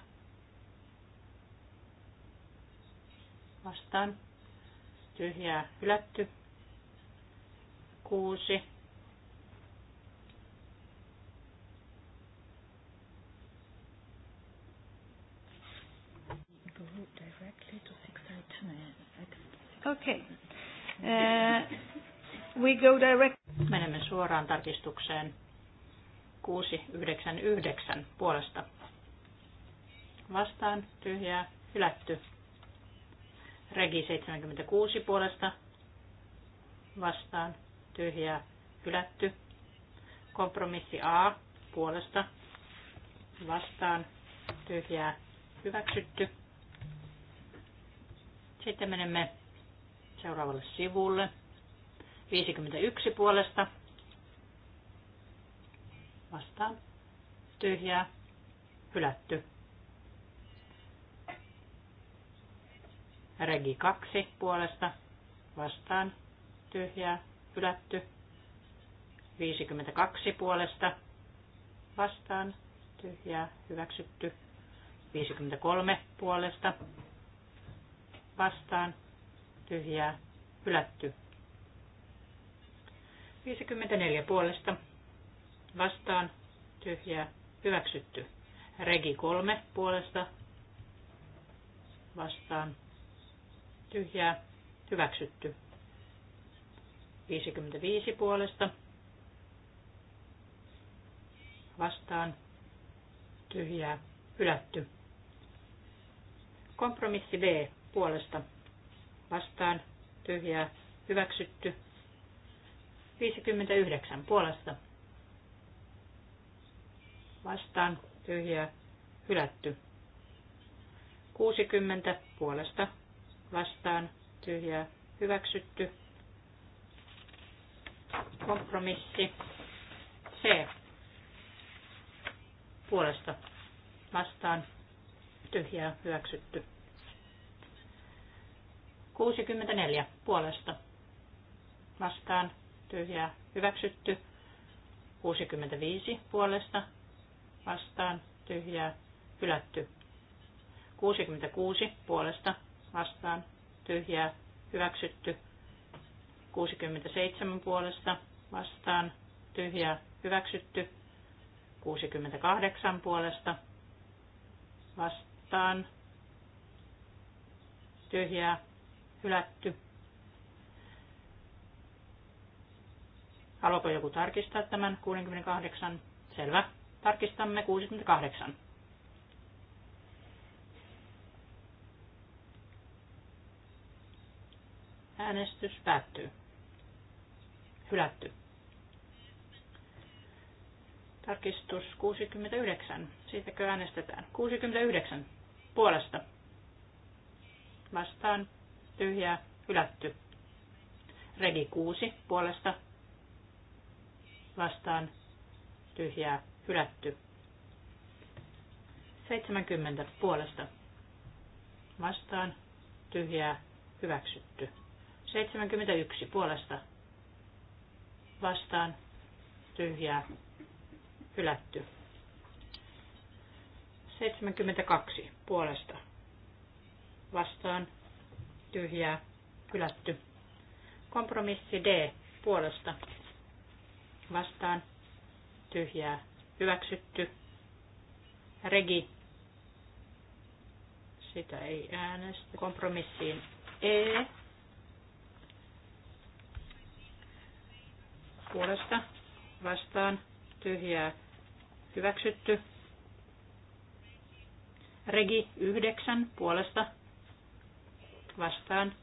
vastaan. Tyhjää hylätty. 6, Okay. Uh, we go direct. Menemme suoraan tarkistukseen 699 puolesta. Vastaan tyhjää hylätty. Regi 76 puolesta. Vastaan tyhjää hylätty. Kompromissi A puolesta. Vastaan tyhjää hyväksytty. Sitten menemme seuraavalle sivulle. 51 puolesta vastaan tyhjää hylätty. Regi 2 puolesta vastaan tyhjää hylätty. 52 puolesta vastaan tyhjää hyväksytty. 53 puolesta vastaan tyhjää hylätty. 54 puolesta vastaan tyhjää hyväksytty. Regi 3 puolesta vastaan tyhjää hyväksytty. 55 puolesta vastaan tyhjää hylätty. Kompromissi B puolesta vastaan tyhjää hyväksytty. 59 puolesta vastaan tyhjää hylätty. 60 puolesta vastaan tyhjää hyväksytty. Kompromissi C puolesta vastaan tyhjää hyväksytty. 64 puolesta vastaan tyhjää hyväksytty. 65 puolesta vastaan tyhjää hylätty. 66 puolesta vastaan tyhjää hyväksytty. 67 puolesta vastaan tyhjää hyväksytty. 68 puolesta vastaan tyhjää hylätty. Haluaako joku tarkistaa tämän 68? Selvä. Tarkistamme 68. Äänestys päättyy. Hylätty. Tarkistus 69. Siitäkö äänestetään? 69. Puolesta. Vastaan. Tyhjää. Hylätty. Regi 6. Puolesta. Vastaan. Tyhjää. Hylätty. 70 puolesta. Vastaan. Tyhjää. Hyväksytty. 71 puolesta. Vastaan. Tyhjää. Hylätty. 72 puolesta. Vastaan. Tyhjää. Hylätty. Kompromissi D puolesta. Vastaan. Tyhjää hyväksytty. Regi. Sitä ei äänestä. Kompromissiin E. Puolesta vastaan tyhjää hyväksytty. Regi 9 puolesta vastaan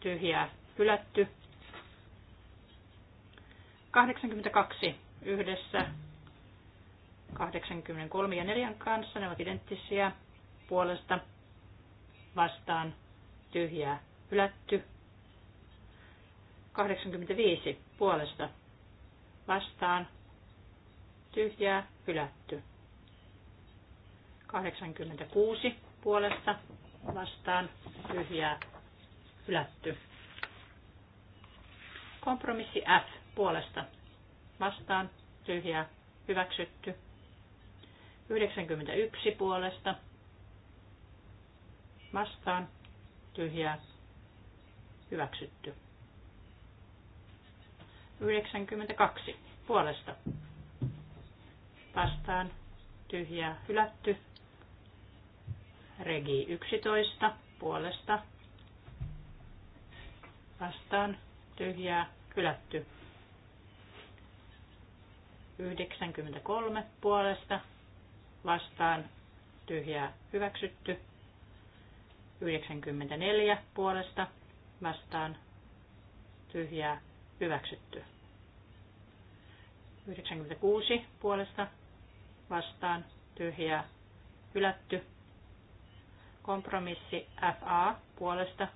tyhjää hylätty. 82 yhdessä 83 ja 4 kanssa. Ne ovat identtisiä puolesta vastaan tyhjää hylätty. 85 puolesta vastaan tyhjää hylätty. 86 puolesta vastaan tyhjää hylätty. Kompromissi F puolesta vastaan tyhjää hyväksytty. 91 puolesta vastaan tyhjää hyväksytty. 92 puolesta vastaan tyhjää hylätty. Regi 11 puolesta vastaan tyhjää hylätty. 93 puolesta vastaan tyhjää hyväksytty. 94 puolesta vastaan tyhjää hyväksytty. 96 puolesta vastaan tyhjää hylätty. Kompromissi FA puolesta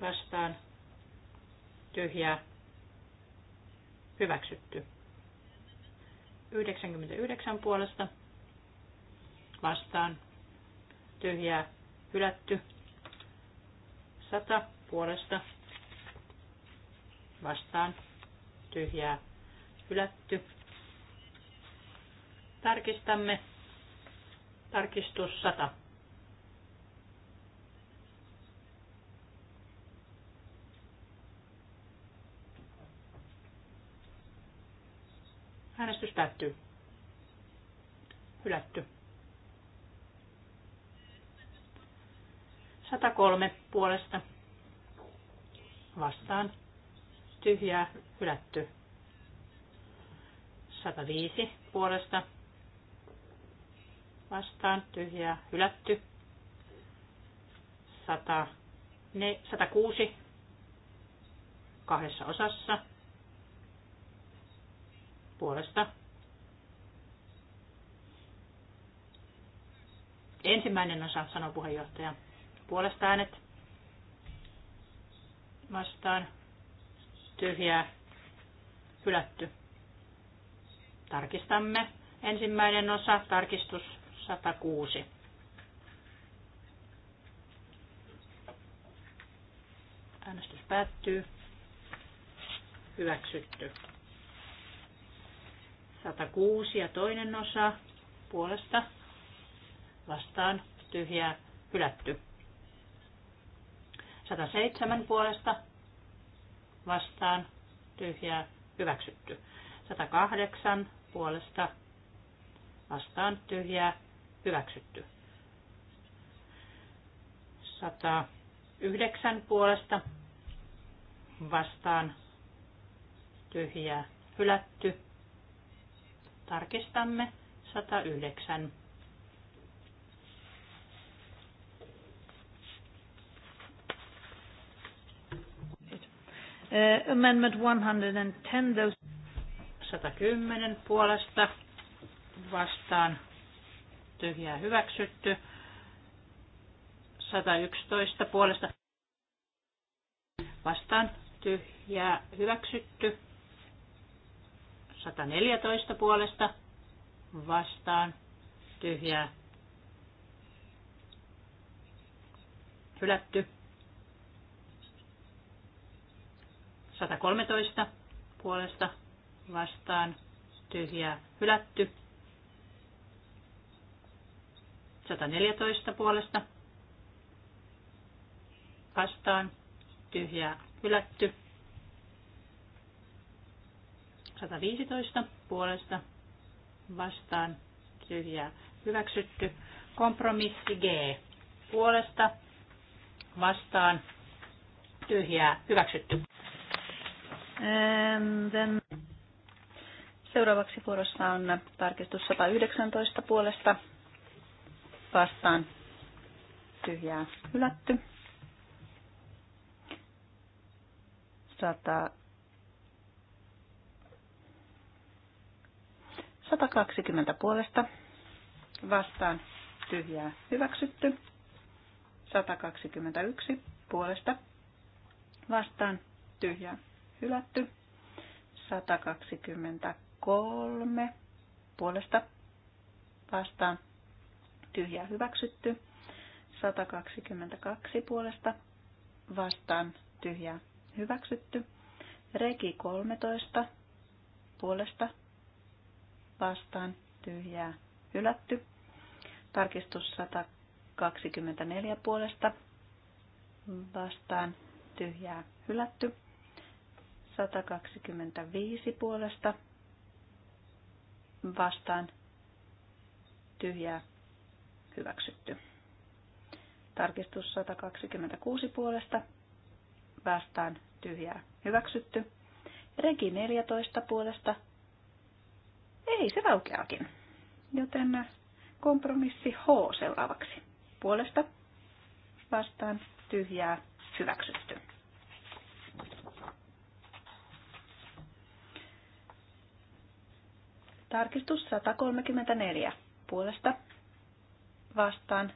vastaan tyhjää hyväksytty. 99 puolesta vastaan tyhjää hylätty. 100 puolesta vastaan tyhjää hylätty. Tarkistamme tarkistus sata. Äänestys päättyy. Hylätty. 103 puolesta vastaan tyhjää hylätty. 105 puolesta vastaan tyhjää hylätty. 100, ne, 106 kahdessa osassa puolesta. Ensimmäinen osa, sanoo puheenjohtaja puolesta äänet vastaan tyhjää hylätty. Tarkistamme. Ensimmäinen osa, tarkistus 106. Äänestys päättyy. Hyväksytty. 106 ja toinen osa puolesta vastaan tyhjää hylätty. 107 puolesta vastaan tyhjää hyväksytty. 108 puolesta vastaan tyhjää hyväksytty. 109 puolesta vastaan tyhjää hylätty. Tarkistamme 109. Uh, amendment 110, those 110 puolesta vastaan tyhjää hyväksytty. 111 puolesta vastaan tyhjää hyväksytty. 114 puolesta vastaan tyhjää hylätty. 113 puolesta vastaan tyhjää hylätty. 114 puolesta vastaan tyhjää hylätty. 115 puolesta vastaan tyhjää hyväksytty. Kompromissi G puolesta vastaan tyhjää hyväksytty. Ähm, then... Seuraavaksi vuorossa on tarkistus 119 puolesta vastaan tyhjää hylätty. 100, 120 puolesta vastaan tyhjää hyväksytty. 121 puolesta vastaan tyhjää hylätty. 123 puolesta vastaan tyhjä hyväksytty. 122 puolesta vastaan tyhjä hyväksytty. Reki 13 puolesta vastaan tyhjää hylätty. Tarkistus 124 puolesta vastaan tyhjää hylätty. 125 puolesta vastaan tyhjää hyväksytty. Tarkistus 126 puolesta vastaan tyhjää hyväksytty. Regi 14 puolesta ei se raukeakin. Joten kompromissi H seuraavaksi. Puolesta vastaan tyhjää hyväksytty. Tarkistus 134. Puolesta vastaan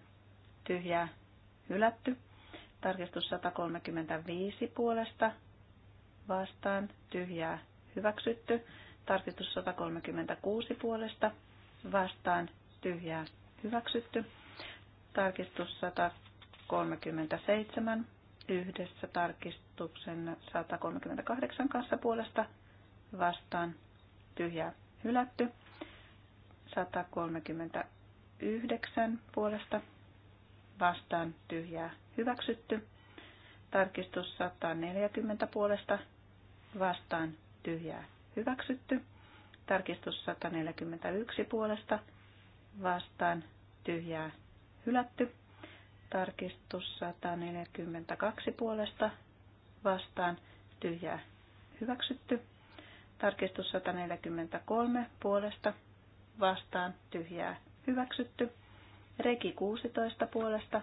tyhjää hylätty. Tarkistus 135 puolesta vastaan tyhjää hyväksytty. Tarkistus 136 puolesta vastaan tyhjää hyväksytty. Tarkistus 137 yhdessä tarkistuksen 138 kanssa puolesta vastaan tyhjää hylätty. 139 puolesta vastaan tyhjää hyväksytty. Tarkistus 140 puolesta vastaan tyhjää hyväksytty. Tarkistus 141 puolesta vastaan tyhjää hylätty. Tarkistus 142 puolesta vastaan tyhjää hyväksytty. Tarkistus 143 puolesta vastaan tyhjää hyväksytty. Reki 16 puolesta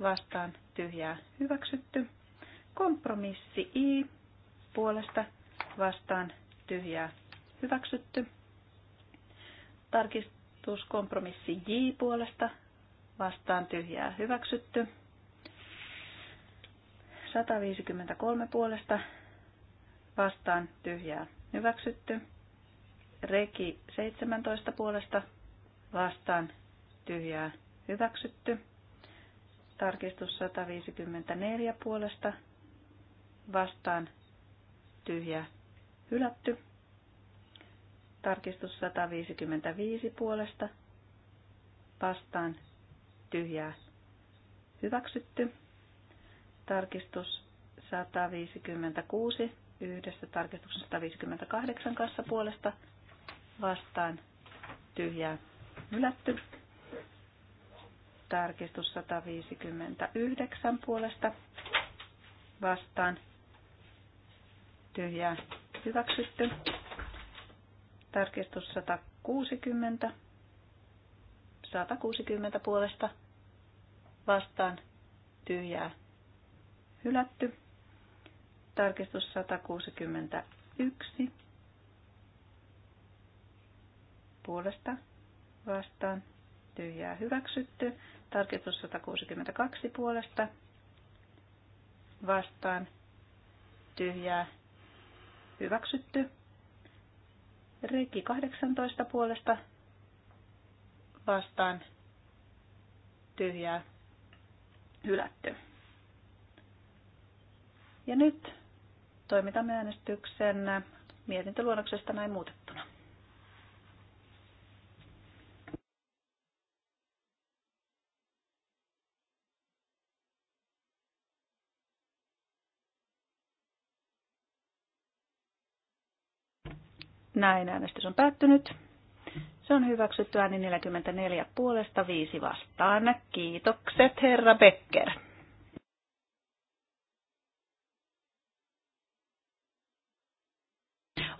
vastaan tyhjää hyväksytty. Kompromissi I puolesta vastaan tyhjää hyväksytty. Tarkistus kompromissi J puolesta vastaan tyhjää hyväksytty. 153 puolesta vastaan tyhjää Hyväksytty. Reki 17 puolesta vastaan tyhjää hyväksytty. Tarkistus 154 puolesta vastaan tyhjää hylätty. Tarkistus 155 puolesta vastaan tyhjää hyväksytty. Tarkistus 156 yhdessä tarkistuksen 158 kanssa puolesta vastaan tyhjää hylätty. Tarkistus 159 puolesta vastaan tyhjää hyväksytty. Tarkistus 160. 160 puolesta vastaan tyhjää hylätty. Tarkistus 161. Puolesta vastaan tyhjää hyväksytty. Tarkistus 162 puolesta vastaan tyhjää hyväksytty. Reiki 18 puolesta vastaan tyhjää hylätty. Ja nyt toimitamme äänestyksen mietintöluonnoksesta näin muutettuna. Näin äänestys on päättynyt. Se on hyväksytty ääni 44 puolesta 5 vastaan. Kiitokset, herra Becker.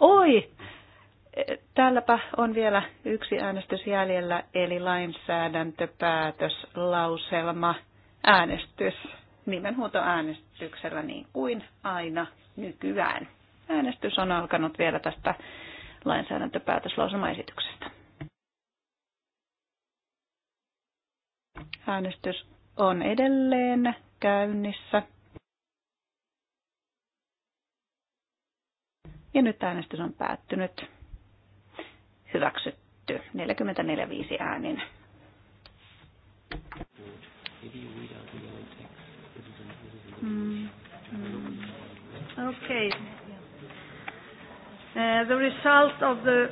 Oi, e, täälläpä on vielä yksi äänestys jäljellä, eli lainsäädäntöpäätöslauselma äänestys nimenhuutoäänestyksellä niin kuin aina nykyään. Äänestys on alkanut vielä tästä lainsäädäntöpäätöslausumaesityksestä. Äänestys on edelleen käynnissä. Ja nyt äänestys on päättynyt. Hyväksytty. 44-5 äänin. Mm. Mm. Okay. Uh, the result of the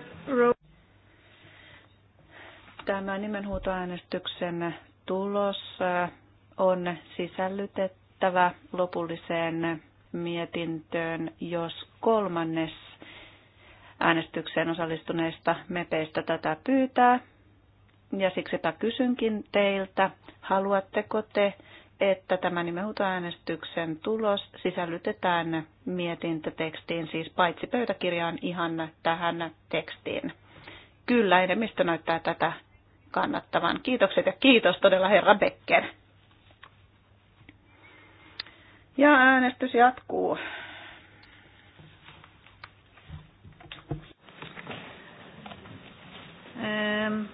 Tämä nimenhuutoäänestyksen tulos uh, on sisällytettävä lopulliseen mietintöön, jos kolmannes äänestykseen osallistuneista mepeistä tätä pyytää. Ja siksipä kysynkin teiltä, haluatteko te, että tämä nimenhuutoäänestyksen tulos sisällytetään mietintötekstiin, siis paitsi pöytäkirjaan ihan tähän tekstiin. Kyllä, enemmistö näyttää tätä kannattavan. Kiitokset ja kiitos todella herra Becker. Ja äänestys jatkuu. Um,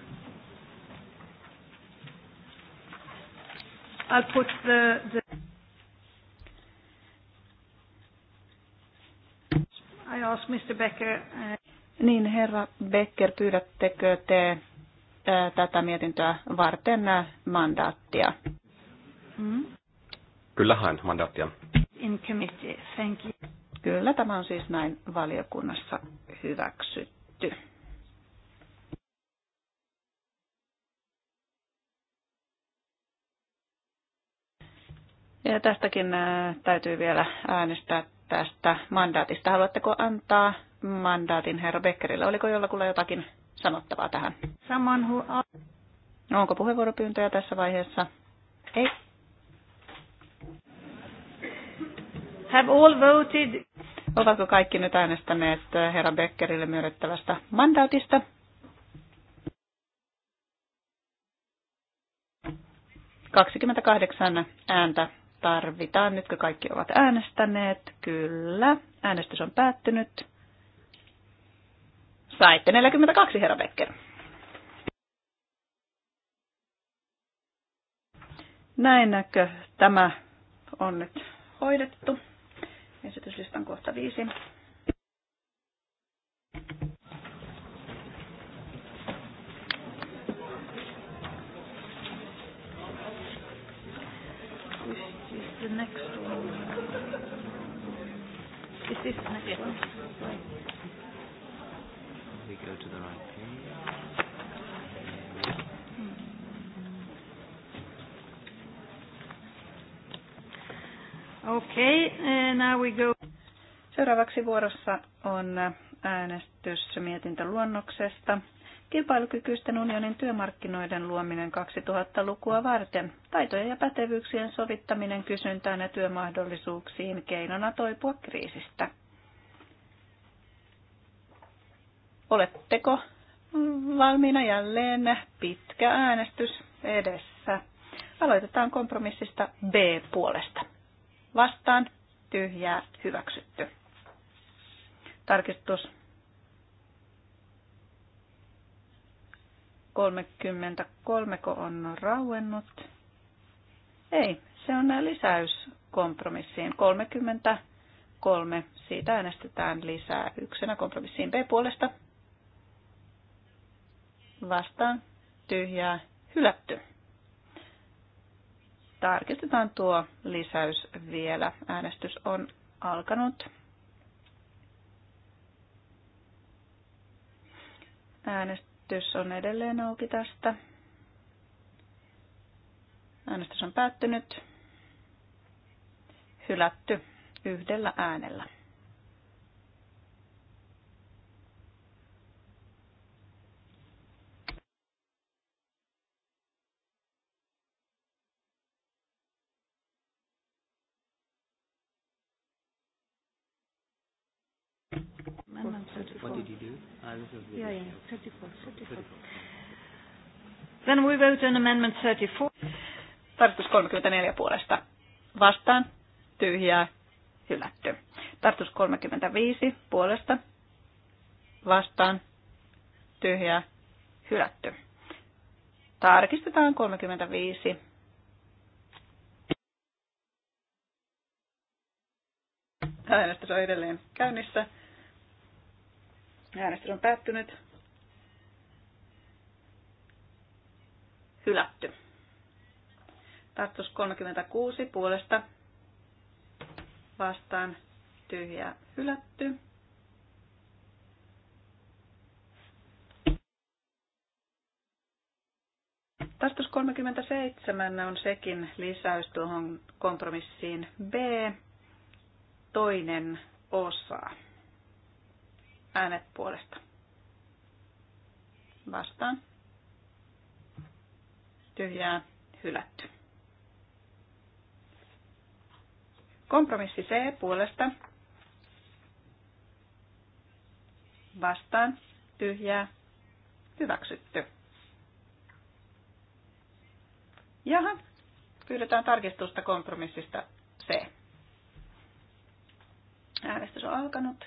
I'll put the, the I ask Mr. Becker. Uh, Niin, herra Becker, pyydättekö te uh, tätä mietintöä varten mandaattia? Mm. Kyllä haen mandaattia. In committee, thank you. Kyllä, tämä on siis näin valiokunnassa hyväksytty. Ja tästäkin äh, täytyy vielä äänestää tästä mandaatista. Haluatteko antaa mandaatin herra Beckerille? Oliko jollakulla jotakin sanottavaa tähän? No, onko puheenvuoropyyntöjä tässä vaiheessa? Ei. Have all voted. Ovatko kaikki nyt äänestäneet herra Beckerille myönnettävästä mandaatista? Kaksikymmentäkahdeksan ääntä tarvitaan. Nytkö kaikki ovat äänestäneet? Kyllä. Äänestys on päättynyt. Saitte 42, herra Becker. Näin näkö tämä on nyt hoidettu esityslistan kohta 5. the next one. Is this the next one? Right. We go to the right page. Okay, eh, now we go. Seuraavaksi vuorossa on äänestys mietintöluonnoksesta. Kilpailukykyisten unionin työmarkkinoiden luominen 2000-lukua varten. Taitojen ja pätevyyksien sovittaminen kysyntään ja työmahdollisuuksiin keinona toipua kriisistä. Oletteko valmiina jälleen pitkä äänestys edessä? Aloitetaan kompromissista B puolesta vastaan tyhjää hyväksytty. Tarkistus 33 on rauennut. Ei, se on lisäys kompromissiin. 33, siitä äänestetään lisää yksenä kompromissiin B-puolesta. Vastaan tyhjää hylätty. Tarkistetaan tuo lisäys vielä. Äänestys on alkanut. Äänestys on edelleen auki tästä. Äänestys on päättynyt. Hylätty yhdellä äänellä. 34. What did you do? Ah, yeah, yeah, 34, 34. Then we vote on amendment 34. Tarkistus 34 puolesta. Vastaan. Tyhjää. Hylätty. Tartus 35 puolesta. Vastaan. Tyhjää. Hylätty. Tarkistetaan 35. Äänestys on edelleen käynnissä. Äänestys on päättynyt. Hylätty. Tartus 36 puolesta vastaan tyhjää hylätty. Tartus 37 on sekin lisäys tuohon kompromissiin B, toinen osa äänet puolesta. Vastaan. Tyhjää hylätty. Kompromissi C puolesta. Vastaan. Tyhjää. Hyväksytty. Jaha. Pyydetään tarkistusta kompromissista C. Äänestys on alkanut.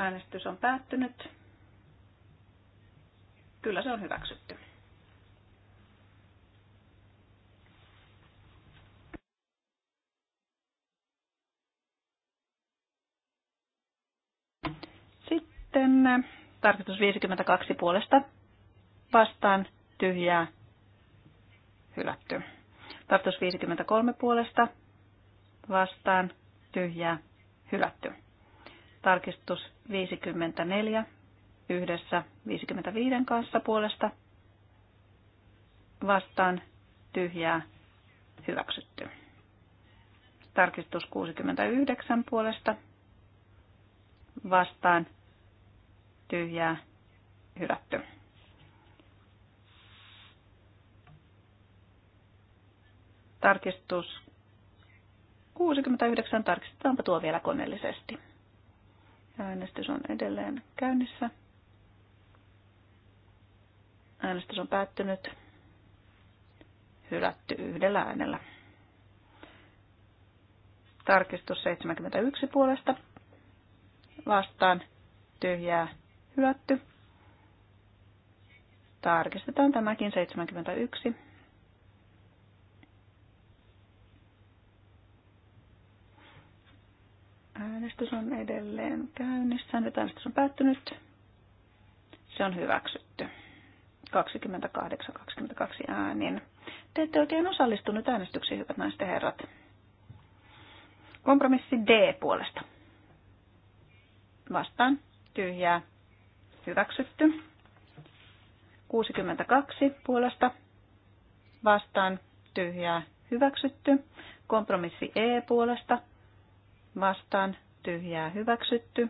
Äänestys on päättynyt. Kyllä se on hyväksytty. Sitten äh, tarkoitus 52 puolesta vastaan tyhjää hylätty. Tarkoitus 53 puolesta vastaan tyhjää hylätty. Tarkistus 54 yhdessä 55 kanssa puolesta vastaan tyhjää hyväksytty. Tarkistus 69 puolesta vastaan tyhjää hylätty. Tarkistus 69 tarkistetaanpa tuo vielä koneellisesti. Äänestys on edelleen käynnissä. Äänestys on päättynyt. Hylätty yhdellä äänellä. Tarkistus 71 puolesta. Vastaan tyhjää hylätty. Tarkistetaan tämäkin 71. Äänestys on edelleen käynnissä. Nyt äänestys on päättynyt. Se on hyväksytty. 28-22 äänin. Te ette oikein osallistunut äänestyksiin, hyvät naiset ja herrat. Kompromissi D puolesta. Vastaan. Tyhjää. Hyväksytty. 62 puolesta. Vastaan. Tyhjää. Hyväksytty. Kompromissi E puolesta vastaan tyhjää hyväksytty.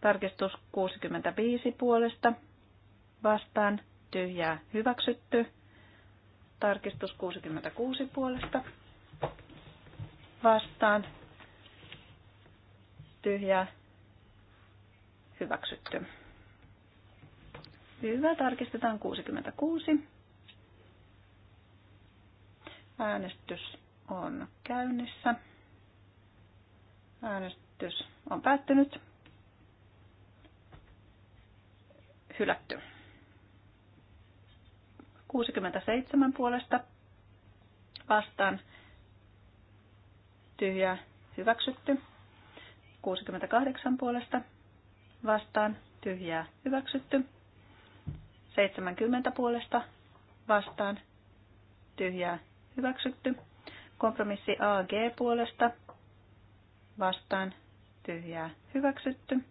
Tarkistus 65 puolesta vastaan tyhjää hyväksytty. Tarkistus 66 puolesta vastaan tyhjää hyväksytty. Hyvä, tarkistetaan 66. Äänestys on käynnissä. Äänestys on päättynyt. Hylätty. 67 puolesta vastaan tyhjä hyväksytty. 68 puolesta vastaan tyhjää hyväksytty. 70 puolesta vastaan tyhjää hyväksytty. Kompromissi AG puolesta vastaan tyhjää hyväksytty.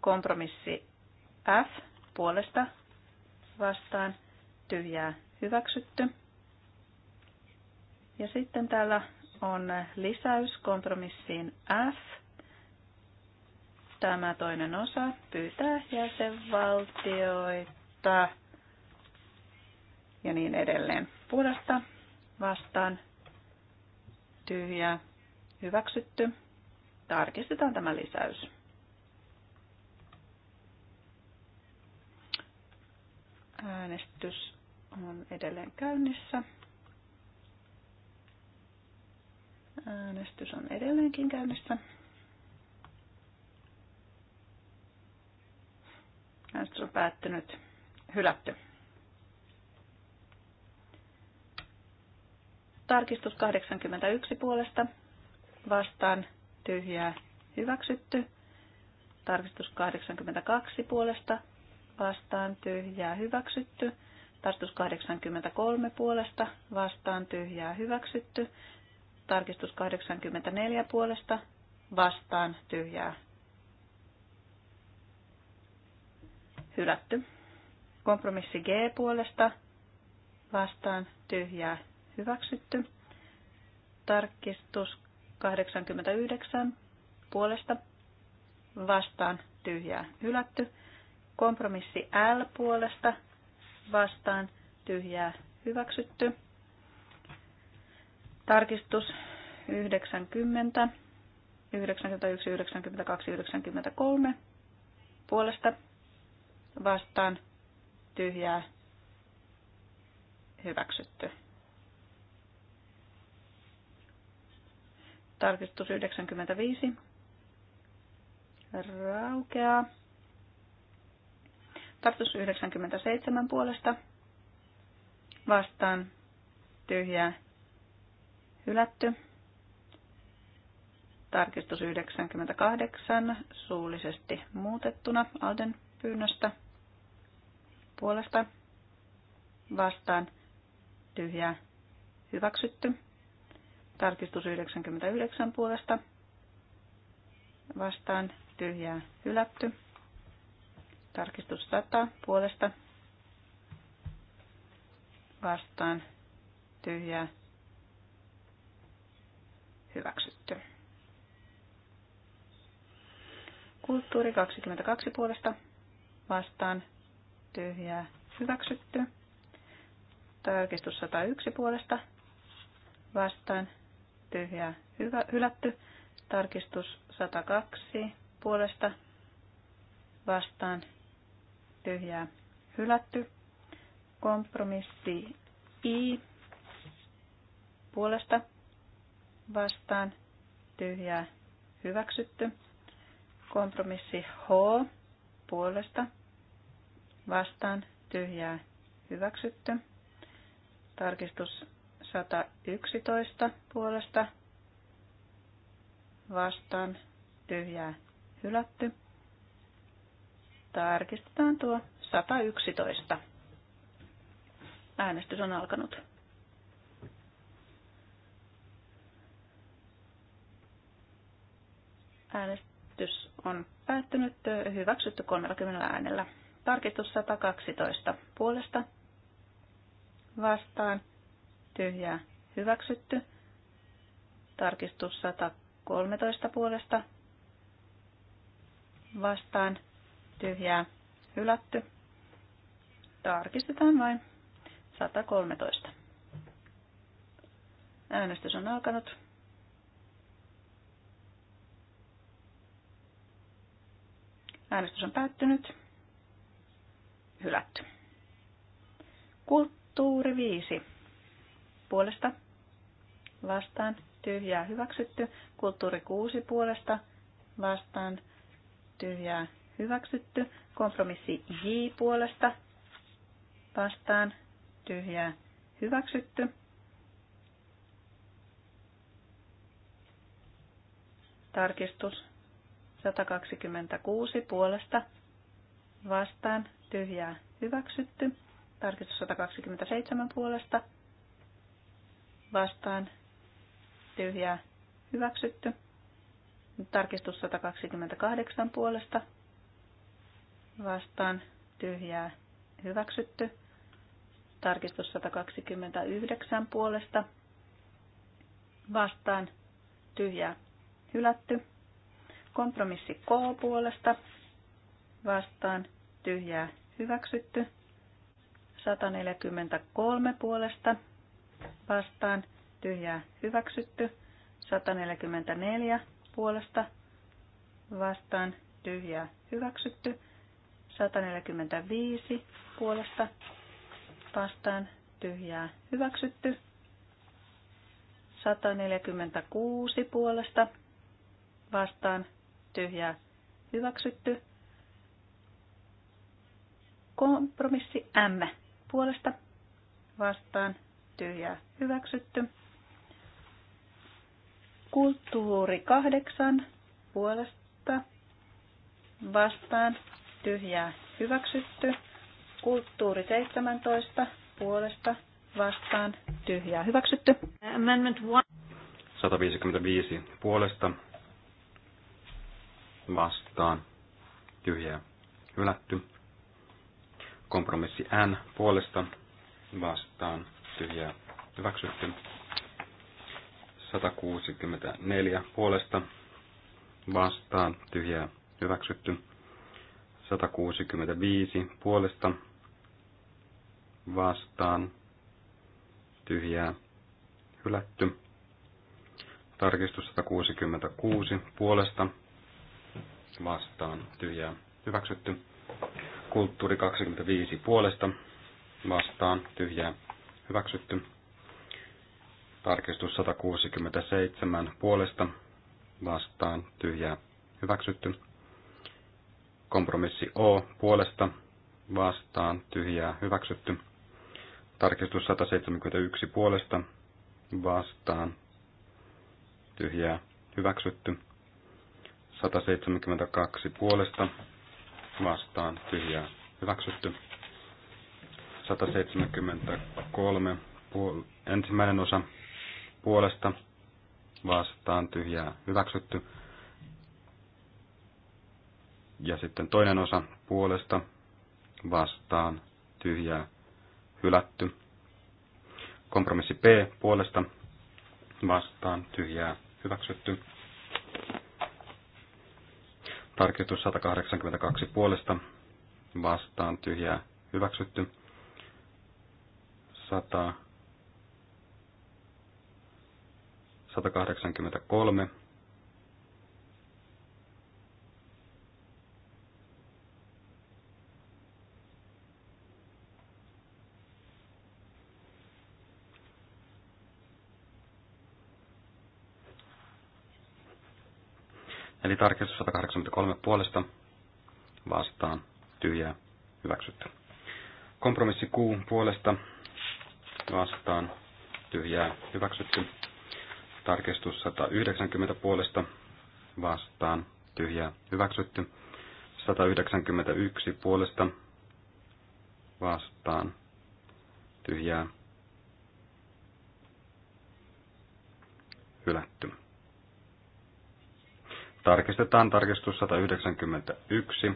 Kompromissi F puolesta vastaan tyhjää hyväksytty. Ja sitten täällä on lisäys kompromissiin F. Tämä toinen osa pyytää jäsenvaltioita ja niin edelleen puolesta vastaan tyhjää Hyväksytty. Tarkistetaan tämä lisäys. Äänestys on edelleen käynnissä. Äänestys on edelleenkin käynnissä. Äänestys on päättynyt. Hylätty. Tarkistus 81 puolesta vastaan tyhjää hyväksytty. Tarkistus 82 puolesta vastaan tyhjää hyväksytty. Tarkistus 83 puolesta vastaan tyhjää hyväksytty. Tarkistus 84 puolesta vastaan tyhjää hylätty. Kompromissi G puolesta vastaan tyhjää hyväksytty. Tarkistus 89 puolesta vastaan tyhjää hylätty. Kompromissi L puolesta vastaan tyhjää hyväksytty. Tarkistus 90, 91, 92, 93 puolesta vastaan tyhjää hyväksytty. Tarkistus 95. Raukeaa. Tarkistus 97 puolesta. Vastaan. Tyhjää. Hylätty. Tarkistus 98 suullisesti muutettuna Alden pyynnöstä. Puolesta. Vastaan. Tyhjää. Hyväksytty. Tarkistus 99 puolesta. Vastaan tyhjää hylätty. Tarkistus 100 puolesta. Vastaan tyhjää hyväksytty. Kulttuuri 22 puolesta vastaan tyhjää hyväksytty. Tarkistus 101 puolesta vastaan tyhjä hyvä, hylätty. Tarkistus 102 puolesta vastaan tyhjää hylätty. Kompromissi I puolesta vastaan tyhjää hyväksytty. Kompromissi H puolesta vastaan tyhjää hyväksytty. Tarkistus 111 puolesta vastaan tyhjää hylätty. Tarkistetaan tuo 111. Äänestys on alkanut. Äänestys on päättynyt, hyväksytty 30 äänellä. Tarkistus 112 puolesta vastaan tyhjää hyväksytty. Tarkistus 113 puolesta vastaan tyhjää hylätty. Tarkistetaan vain 113. Äänestys on alkanut. Äänestys on päättynyt. Hylätty. Kulttuuri 5 puolesta vastaan tyhjää hyväksytty. Kulttuuri 6 puolesta vastaan tyhjää hyväksytty. Kompromissi J puolesta vastaan tyhjää hyväksytty. Tarkistus 126 puolesta vastaan tyhjää hyväksytty. Tarkistus 127 puolesta vastaan tyhjää hyväksytty. Tarkistus 128 puolesta vastaan tyhjää hyväksytty. Tarkistus 129 puolesta vastaan tyhjää hylätty. Kompromissi K puolesta vastaan tyhjää hyväksytty. 143 puolesta vastaan tyhjää hyväksytty. 144 puolesta vastaan tyhjää hyväksytty. 145 puolesta vastaan tyhjää hyväksytty. 146 puolesta vastaan tyhjää hyväksytty. Kompromissi M puolesta vastaan ja hyväksytty. Kulttuuri kahdeksan puolesta vastaan tyhjää hyväksytty. Kulttuuri 17 puolesta vastaan tyhjää hyväksytty. Amendment 155 puolesta vastaan tyhjää hylätty. Kompromissi N puolesta vastaan tyhjää hyväksytty. 164 puolesta vastaan tyhjää hyväksytty. 165 puolesta vastaan tyhjää hylätty. Tarkistus 166 puolesta vastaan tyhjää hyväksytty. Kulttuuri 25 puolesta vastaan tyhjää hyväksytty. Tarkistus 167 puolesta vastaan tyhjää hyväksytty. Kompromissi O puolesta vastaan tyhjää hyväksytty. Tarkistus 171 puolesta vastaan tyhjää hyväksytty. 172 puolesta vastaan tyhjää hyväksytty. 173 puol- ensimmäinen osa puolesta vastaan tyhjää hyväksytty. Ja sitten toinen osa puolesta vastaan tyhjää hylätty. Kompromissi P puolesta vastaan tyhjää hyväksytty. Tarkistus 182 puolesta vastaan tyhjää hyväksytty. 100, 183. Eli tarkistus 183 puolesta vastaan tyhjää hyväksyttä. Kompromissi Q puolesta vastaan tyhjää hyväksytty. Tarkistus 190 puolesta vastaan tyhjää hyväksytty. 191 puolesta vastaan tyhjää hylätty. Tarkistetaan tarkistus 191.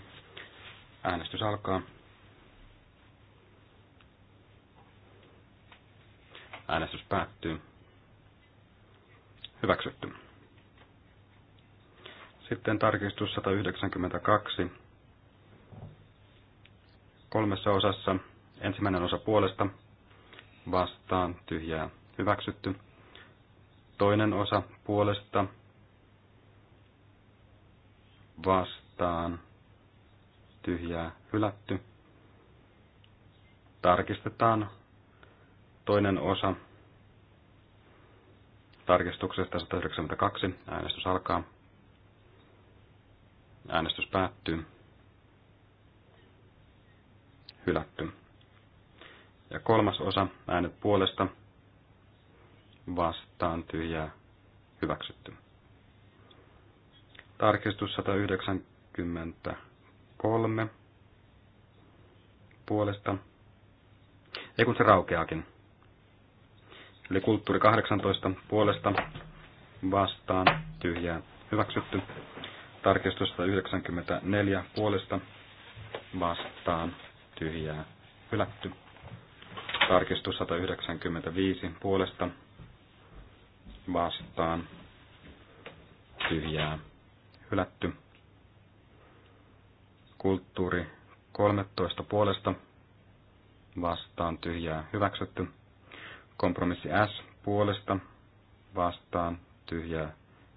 Äänestys alkaa. Äänestys päättyy. Hyväksytty. Sitten tarkistus 192. Kolmessa osassa. Ensimmäinen osa puolesta. Vastaan tyhjää. Hyväksytty. Toinen osa puolesta. Vastaan tyhjää. Hylätty. Tarkistetaan toinen osa tarkistuksesta 192. Äänestys alkaa. Äänestys päättyy. Hylätty. Ja kolmas osa, äänet puolesta, vastaan tyhjää, hyväksytty. Tarkistus 193 puolesta. Ei kun se raukeakin. Eli kulttuuri 18 puolesta vastaan tyhjää hyväksytty. Tarkistusta 94 puolesta vastaan tyhjää hylätty. Tarkistus 195 puolesta vastaan tyhjää hylätty. Kulttuuri 13 puolesta vastaan tyhjää hyväksytty. Kompromissi S puolesta vastaan tyhjää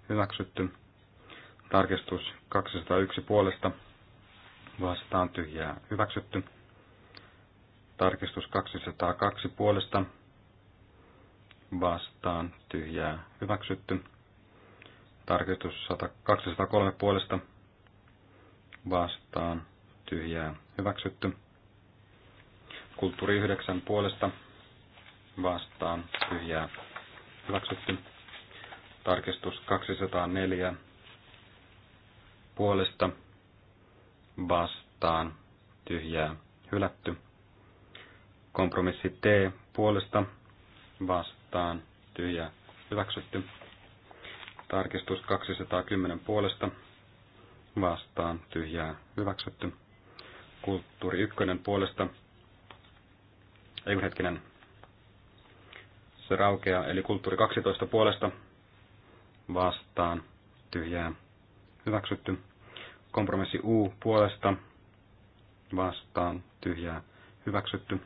hyväksytty. Tarkistus 201 puolesta vastaan tyhjää hyväksytty. Tarkistus 202 puolesta vastaan tyhjää hyväksytty. Tarkistus 203 puolesta vastaan tyhjää hyväksytty. Kulttuuri 9 puolesta vastaan tyhjää hyväksytty. Tarkistus 204 puolesta vastaan tyhjää hylätty. Kompromissi T puolesta vastaan tyhjää hyväksytty. Tarkistus 210 puolesta vastaan tyhjää hyväksytty. Kulttuuri 1 puolesta, ei hetkinen, se raukeaa, eli kulttuuri 12 puolesta vastaan tyhjää hyväksytty. Kompromissi U puolesta vastaan tyhjää hyväksytty.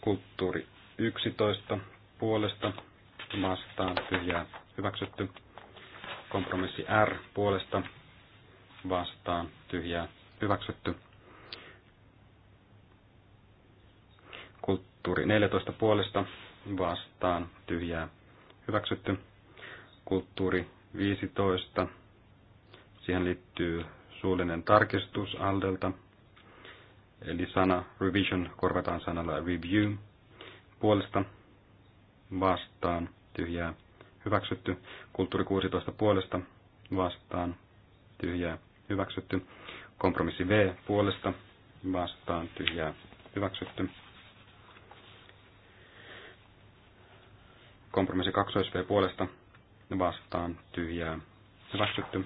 Kulttuuri 11 puolesta vastaan tyhjää hyväksytty. Kompromissi R puolesta vastaan tyhjää hyväksytty. Kulttuuri 14 puolesta vastaan tyhjää hyväksytty. Kulttuuri 15. Siihen liittyy suullinen tarkistus Aldelta. Eli sana revision korvataan sanalla review. Puolesta vastaan tyhjää hyväksytty. Kulttuuri 16 puolesta vastaan tyhjää hyväksytty. Kompromissi V puolesta vastaan tyhjää hyväksytty. Kompromissi 2 V puolesta vastaan tyhjää hyväksytty.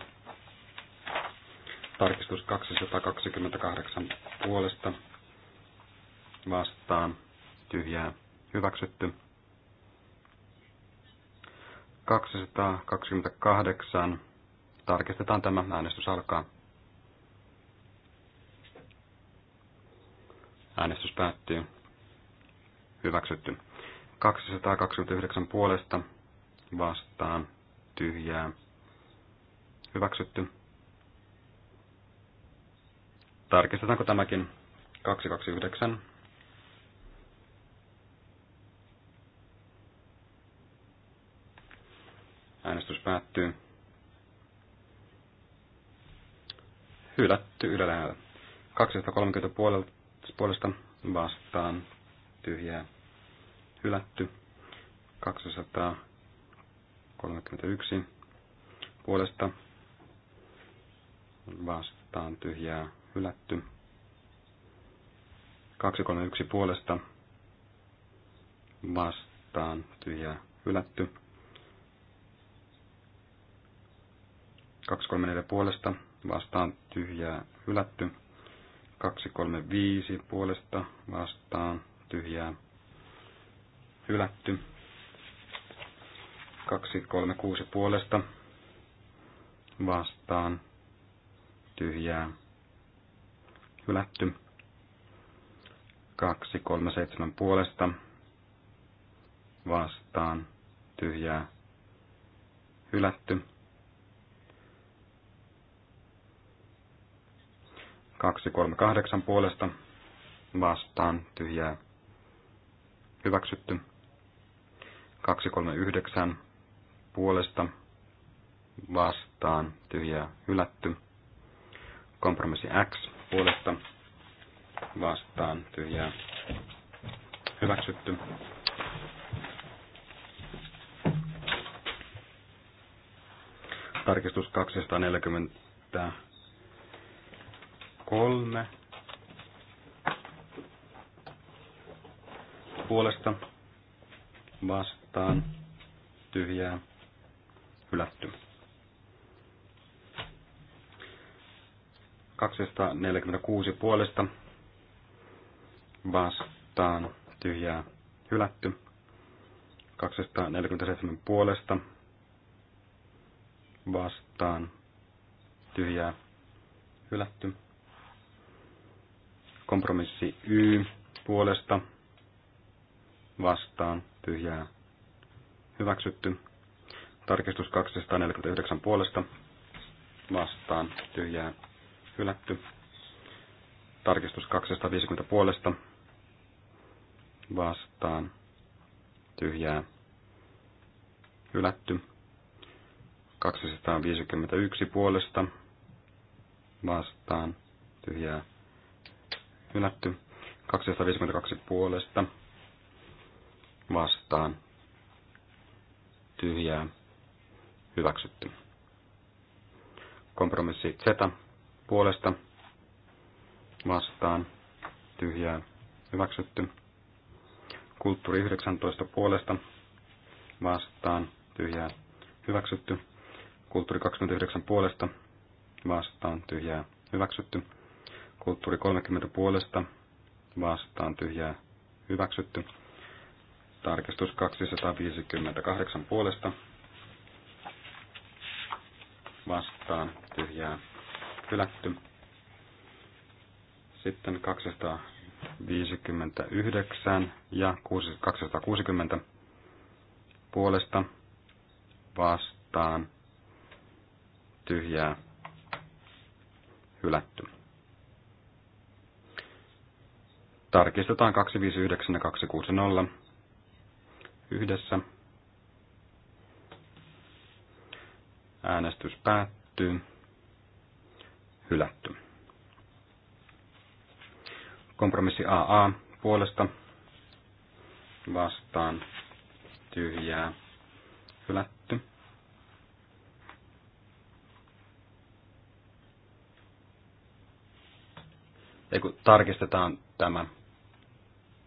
Tarkistus 228 puolesta vastaan tyhjää hyväksytty. 228. Tarkistetaan tämä. Äänestys alkaa. Äänestys päättyy. Hyväksytty. 229 puolesta vastaan tyhjää hyväksytty. Tarkistetaanko tämäkin 229? Äänestys päättyy. Hylätty yläräällä. 230 puolesta vastaan tyhjää hylätty. 231 puolesta vastaan tyhjää hylätty. 231 puolesta vastaan tyhjää hylätty. 234 puolesta vastaan tyhjää hylätty. 235 puolesta vastaan tyhjää hylätty. 236 puolesta vastaan tyhjää hylätty. 237 puolesta vastaan tyhjää hylätty. 238 puolesta vastaan tyhjää hyväksytty. 239 puolesta vastaan tyhjää hylätty. Kompromissi X puolesta vastaan tyhjää hyväksytty. Tarkistus 243 puolesta vastaan vastaan tyhjää hylätty. 246 puolesta vastaan tyhjää hylätty. 247 puolesta vastaan tyhjää hylätty. Kompromissi Y puolesta vastaan tyhjää hyväksytty. Tarkistus 249 puolesta vastaan tyhjää hylätty. Tarkistus 250 puolesta vastaan tyhjää hylätty. 251 puolesta vastaan tyhjää hylätty. 252 puolesta vastaan tyhjää hyväksytty. Kompromissi Z puolesta vastaan tyhjää hyväksytty. Kulttuuri 19 puolesta vastaan tyhjää hyväksytty. Kulttuuri 29 puolesta vastaan tyhjää hyväksytty. Kulttuuri 30 puolesta vastaan tyhjää hyväksytty. Tarkistus 258 puolesta. Vastaan tyhjää hylätty. Sitten 259 ja 260 puolesta vastaan tyhjää hylätty. Tarkistetaan 259 ja 260 yhdessä. Äänestys päättyy. Hylätty. Kompromissi AA puolesta vastaan tyhjää hylätty. Ei kun tarkistetaan tämä.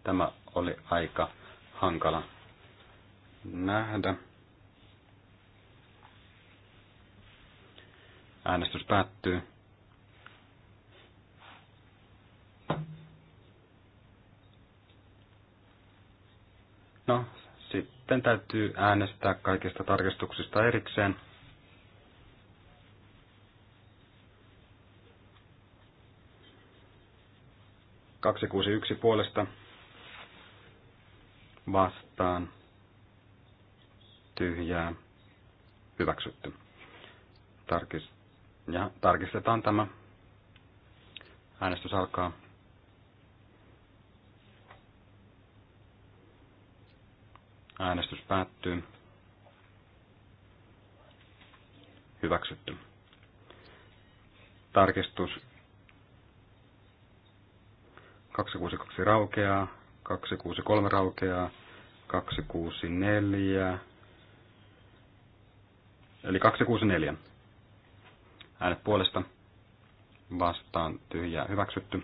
Tämä oli aika hankala nähdä. Äänestys päättyy. No, sitten täytyy äänestää kaikista tarkistuksista erikseen. Kaksi kuusi yksi puolesta vastaan tyhjää hyväksytty. Tarkis, ja tarkistetaan tämä. Äänestys alkaa. Äänestys päättyy. Hyväksytty. Tarkistus 262 raukeaa, 263 raukeaa, 264, Eli 264. Äänet puolesta vastaan tyhjää hyväksytty.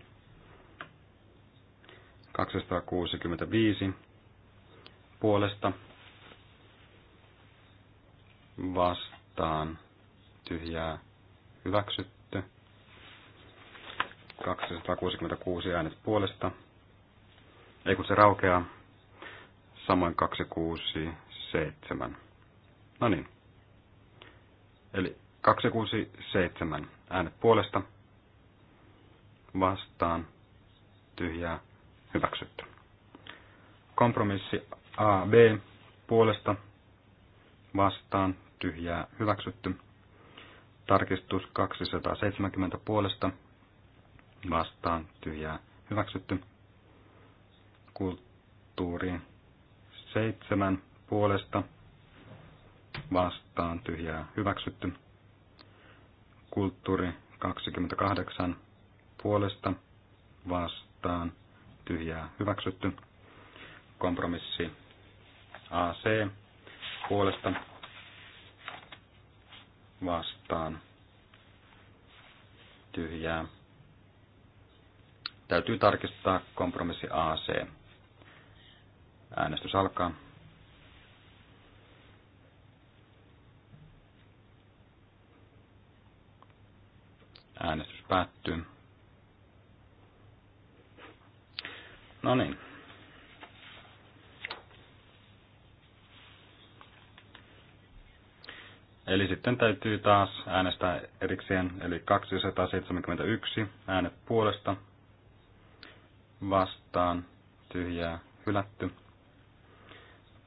265 puolesta vastaan tyhjää hyväksytty. 266 äänet puolesta. Ei kun se raukeaa. Samoin 267. No niin. Eli 267 äänet puolesta vastaan tyhjää hyväksytty. Kompromissi AB puolesta vastaan tyhjää hyväksytty. Tarkistus 270 puolesta vastaan tyhjää hyväksytty. Kulttuuri 7 puolesta vastaan tyhjää hyväksytty. Kulttuuri 28 puolesta vastaan tyhjää hyväksytty. Kompromissi AC puolesta vastaan tyhjää. Täytyy tarkistaa kompromissi AC. Äänestys alkaa. Äänestys päättyy. No niin. Eli sitten täytyy taas äänestää erikseen, eli 271 äänet puolesta, vastaan, tyhjää, hylätty.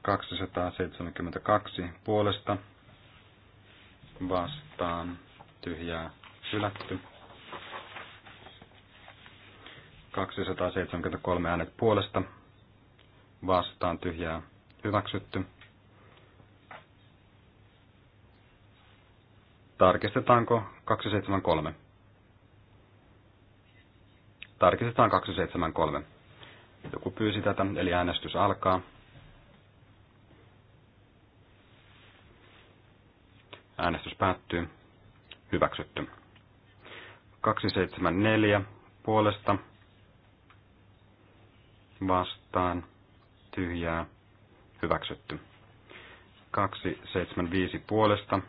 272 puolesta, vastaan, tyhjää, hylätty. 273 äänet puolesta, vastaan tyhjää hyväksytty. Tarkistetaanko 273? Tarkistetaan 273. Joku pyysi tätä, eli äänestys alkaa. Äänestys päättyy. Hyväksytty. 274 puolesta vastaan tyhjää hyväksytty. 275 puolesta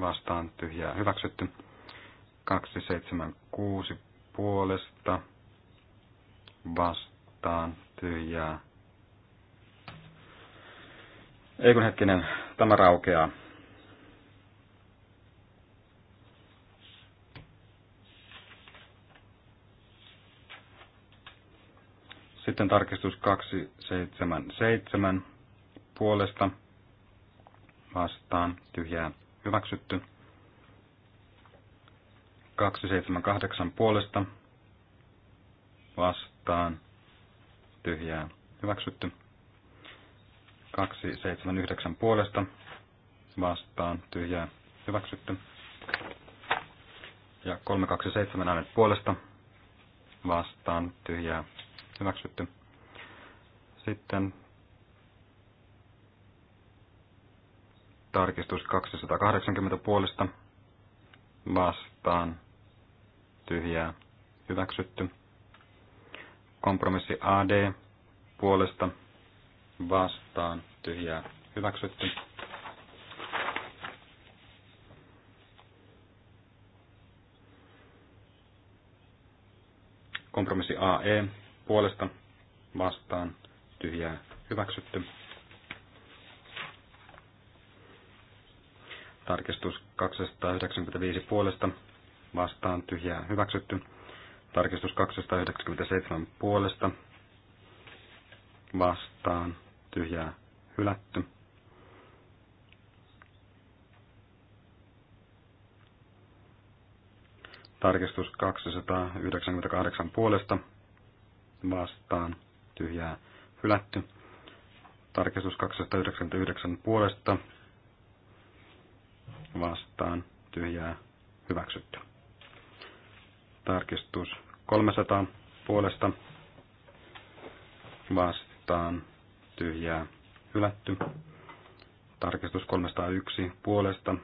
vastaan tyhjää hyväksytty. 276 puolesta vastaan tyhjää. Ei kun hetkinen, tämä raukeaa. Sitten tarkistus 277 puolesta vastaan tyhjää hyväksytty. 278 puolesta vastaan tyhjää hyväksytty. 279 puolesta vastaan tyhjää hyväksytty. Ja 327 äänet puolesta vastaan tyhjää hyväksytty. Sitten tarkistus 280 puolesta vastaan tyhjää hyväksytty. Kompromissi AD puolesta vastaan tyhjää hyväksytty. Kompromissi AE puolesta vastaan tyhjää hyväksytty. Tarkistus 295 puolesta vastaan tyhjää hyväksytty. Tarkistus 297 puolesta vastaan tyhjää hylätty. Tarkistus 298 puolesta vastaan tyhjää hylätty. Tarkistus 299 puolesta vastaan tyhjää hyväksytty. Tarkistus 300 puolesta vastaan tyhjää hylätty. Tarkistus 301 puolesta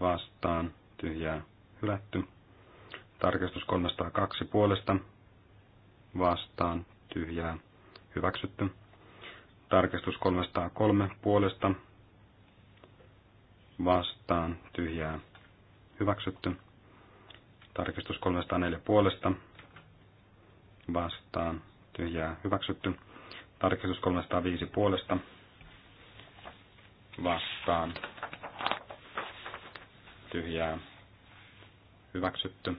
vastaan tyhjää hylätty. Tarkistus 302 puolesta vastaan tyhjää hyväksytty. Tarkistus 303 puolesta vastaan tyhjää hyväksytty. Tarkistus 304 puolesta vastaan tyhjää hyväksytty. Tarkistus 305 puolesta vastaan tyhjää hyväksytty.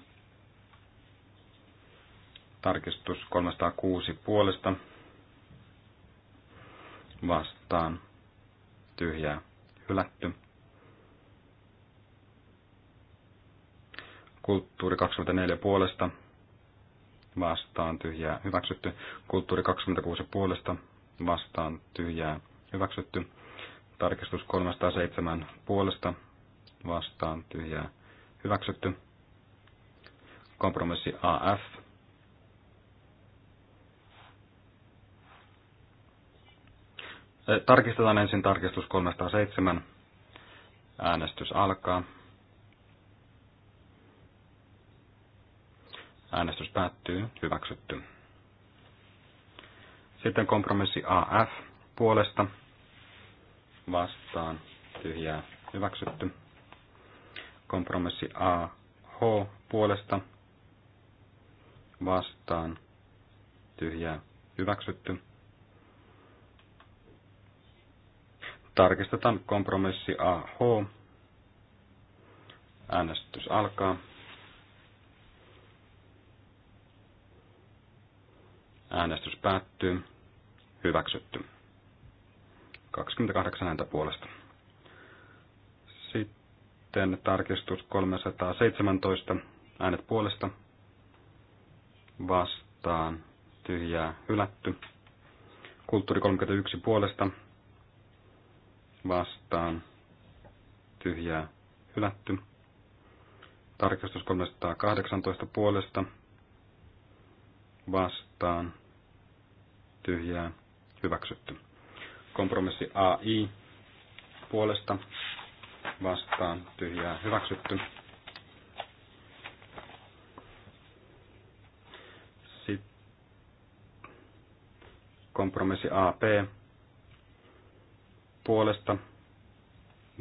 Tarkistus 306 puolesta vastaan tyhjää hylätty. Kulttuuri 24 puolesta vastaan tyhjää hyväksytty. Kulttuuri 26 puolesta vastaan tyhjää hyväksytty. Tarkistus 307 puolesta vastaan tyhjää hyväksytty. Kompromissi AF Tarkistetaan ensin tarkistus 307. Äänestys alkaa. Äänestys päättyy. Hyväksytty. Sitten kompromissi AF puolesta vastaan tyhjää hyväksytty. Kompromissi AH puolesta vastaan tyhjää hyväksytty. Tarkistetaan kompromissi AH. Äänestys alkaa. Äänestys päättyy. Hyväksytty. 28 ääntä puolesta. Sitten tarkistus 317. Äänet puolesta. Vastaan. Tyhjää. Hylätty. Kulttuuri 31 puolesta vastaan tyhjää hylätty. Tarkistus 318 puolesta vastaan tyhjää hyväksytty. Kompromissi AI puolesta vastaan tyhjää hyväksytty. Sitten kompromissi AP puolesta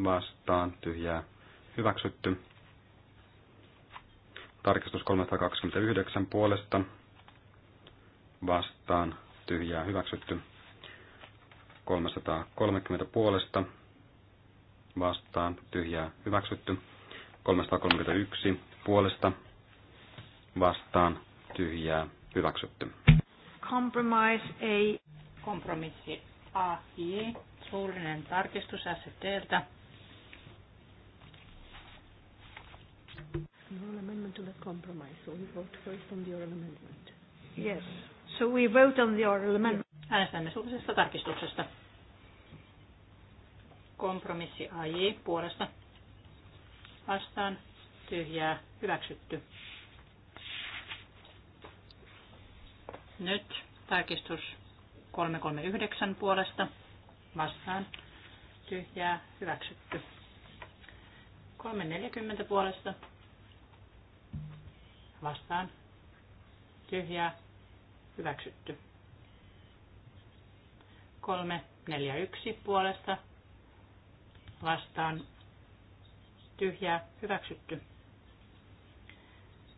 vastaan tyhjää hyväksytty. Tarkistus 329 puolesta vastaan tyhjää hyväksytty. 330 puolesta vastaan tyhjää hyväksytty. 331 puolesta vastaan tyhjää hyväksytty. Compromise A. Kompromissi A. Suullinen tarkistus STltä. amendment compromise, so we vote first on the oral amendment. Yes, so we vote on the oral amendment. Äänestämme suullisesta tarkistuksesta. Kompromissi AJ puolesta. Vastaan tyhjää hyväksytty. Nyt tarkistus 339 puolesta vastaan tyhjää hyväksytty. 3.40 puolesta vastaan tyhjää hyväksytty. 3.41 puolesta vastaan tyhjää hyväksytty.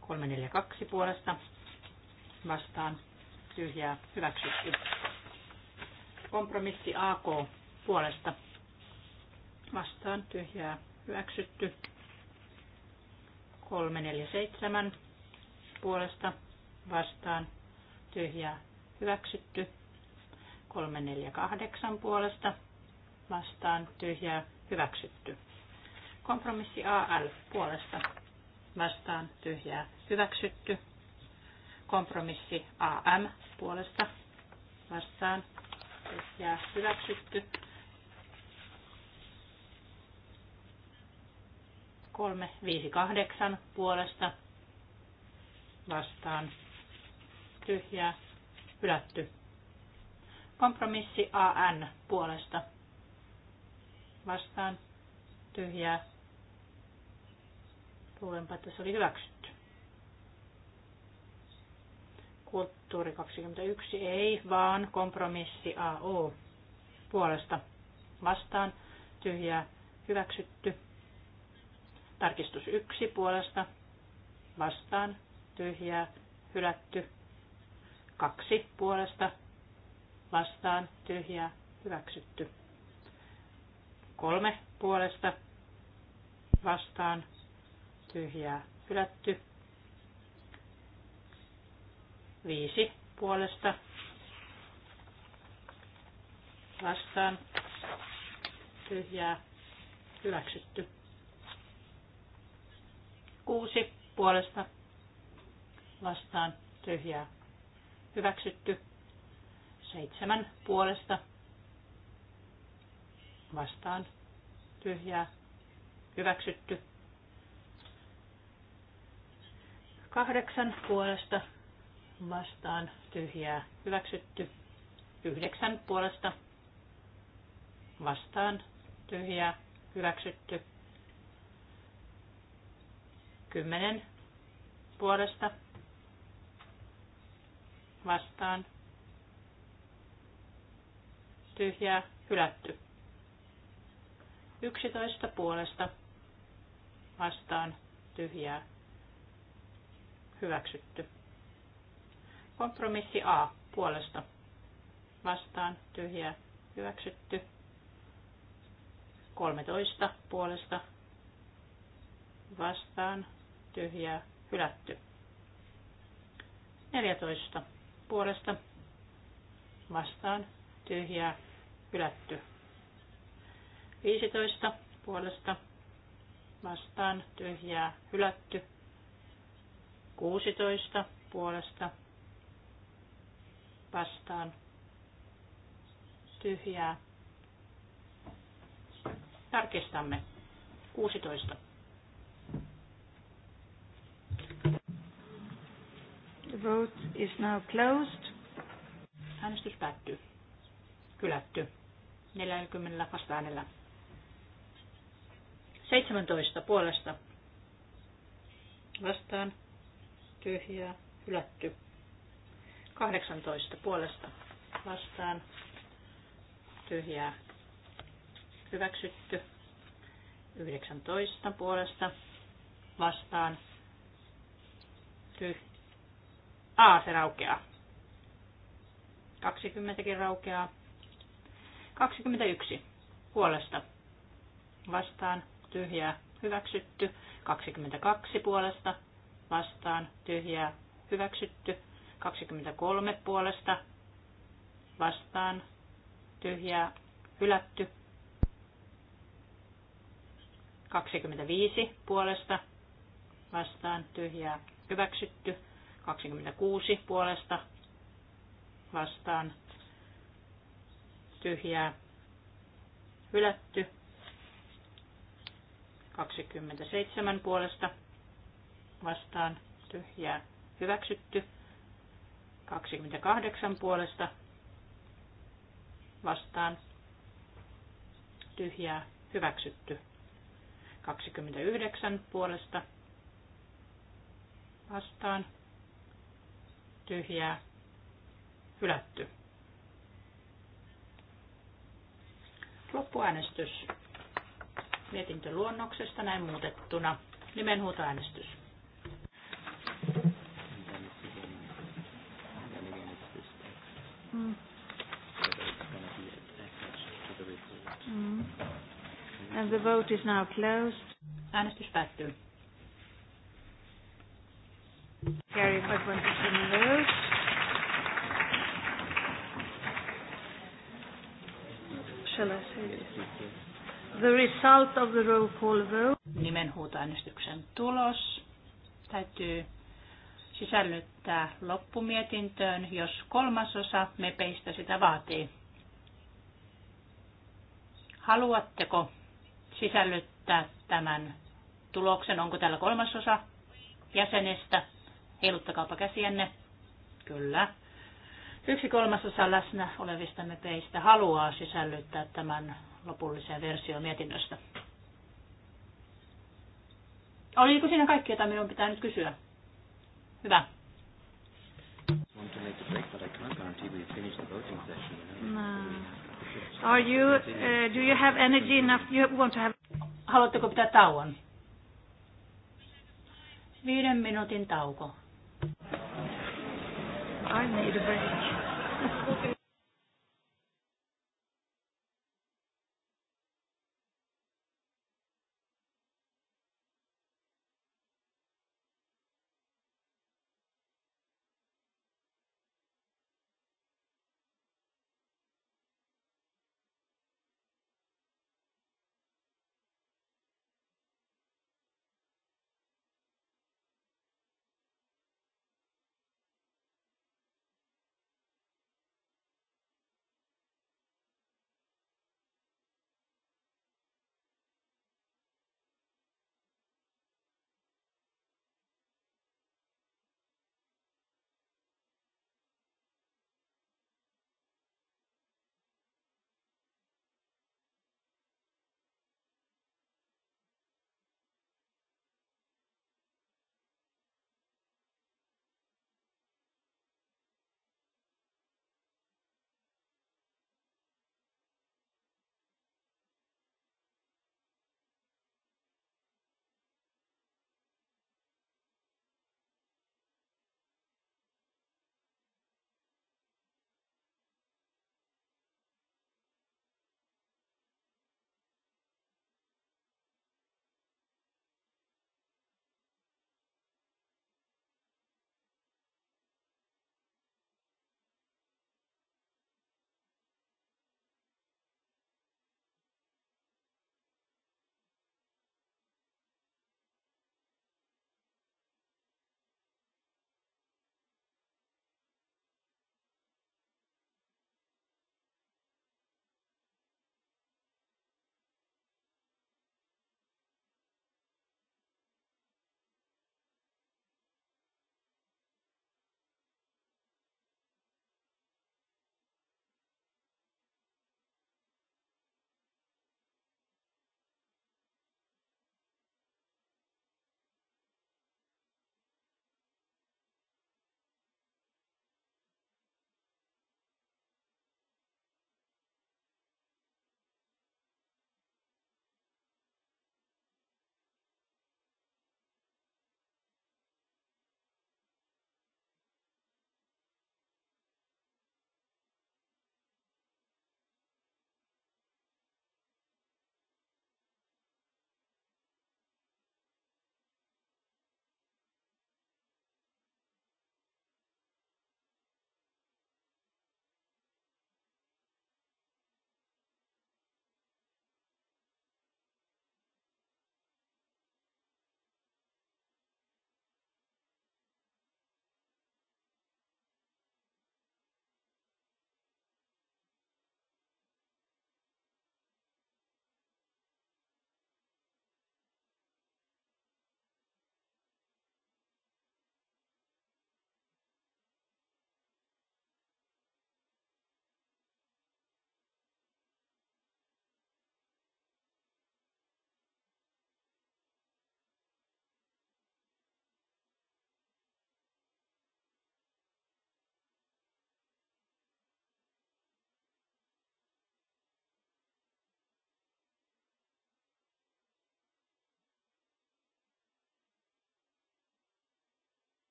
342 puolesta vastaan tyhjää hyväksytty. Kompromissi AK puolesta. Vastaan tyhjää hyväksytty. 347 puolesta vastaan tyhjää hyväksytty. 348 puolesta vastaan tyhjää hyväksytty. Kompromissi AL puolesta vastaan tyhjää hyväksytty. Kompromissi AM puolesta vastaan tyhjää hyväksytty. Kolme, viisi, kahdeksan puolesta vastaan tyhjää hylätty. Kompromissi AN puolesta vastaan tyhjää. Luulenpa, että se oli hyväksytty. Kulttuuri 21 ei, vaan kompromissi AO puolesta vastaan tyhjää hyväksytty. Tarkistus 1 puolesta vastaan tyhjää hylätty. 2 puolesta vastaan tyhjää hyväksytty. 3 puolesta vastaan tyhjää hylätty. Viisi puolesta vastaan tyhjää hyväksytty. Kuusi puolesta vastaan tyhjää hyväksytty. Seitsemän puolesta vastaan tyhjää hyväksytty. Kahdeksan puolesta vastaan tyhjää hyväksytty. Yhdeksän puolesta vastaan tyhjää hyväksytty. Kymmenen puolesta vastaan tyhjää hylätty. Yksitoista puolesta vastaan tyhjää hyväksytty. Kompromissi A puolesta vastaan tyhjä hyväksytty. 13 puolesta vastaan tyhjä hylätty. 14 puolesta vastaan tyhjä hylätty. 15 puolesta vastaan tyhjää hylätty. 16 puolesta vastaan tyhjää. Tarkistamme. 16. The vote is now closed. Äänestys päättyy. Kylätty. 40 äänellä. 17 puolesta. Vastaan. Tyhjää. Hylätty. 18 puolesta vastaan tyhjää hyväksytty. 19 puolesta vastaan tyh... A, se raukeaa. 20kin raukeaa. 21 puolesta vastaan tyhjää hyväksytty. 22 puolesta vastaan tyhjää hyväksytty. 23 puolesta vastaan tyhjää hylätty. 25 puolesta vastaan tyhjää hyväksytty. 26 puolesta vastaan tyhjää hylätty. 27 puolesta vastaan tyhjää hyväksytty. 28 puolesta vastaan tyhjää hyväksytty. 29 puolesta vastaan tyhjää hylätty. Loppuäänestys mietintöluonnoksesta luonnoksesta näin muutettuna. Nimenhuutoäänestys. Mm. Mm. And the vote is now closed. Äänestys Carry by votes. Shall I say this? The result of the roll call vote. Nimenhuutoäänestyksen tulos täytyy sisällyttää loppumietintöön, jos kolmasosa mepeistä sitä vaatii. Haluatteko sisällyttää tämän tuloksen? Onko täällä kolmasosa jäsenestä? Heiluttakaapa käsienne. Kyllä. Yksi kolmasosa läsnä olevista mepeistä haluaa sisällyttää tämän lopulliseen versioon mietinnöstä. Oliko siinä kaikki, jota minun pitää nyt kysyä? Hyvä. No. Are you, uh, do you have energy enough? You want to have... Haluatteko pitää tauon? Viiden minuutin tauko. I need a break.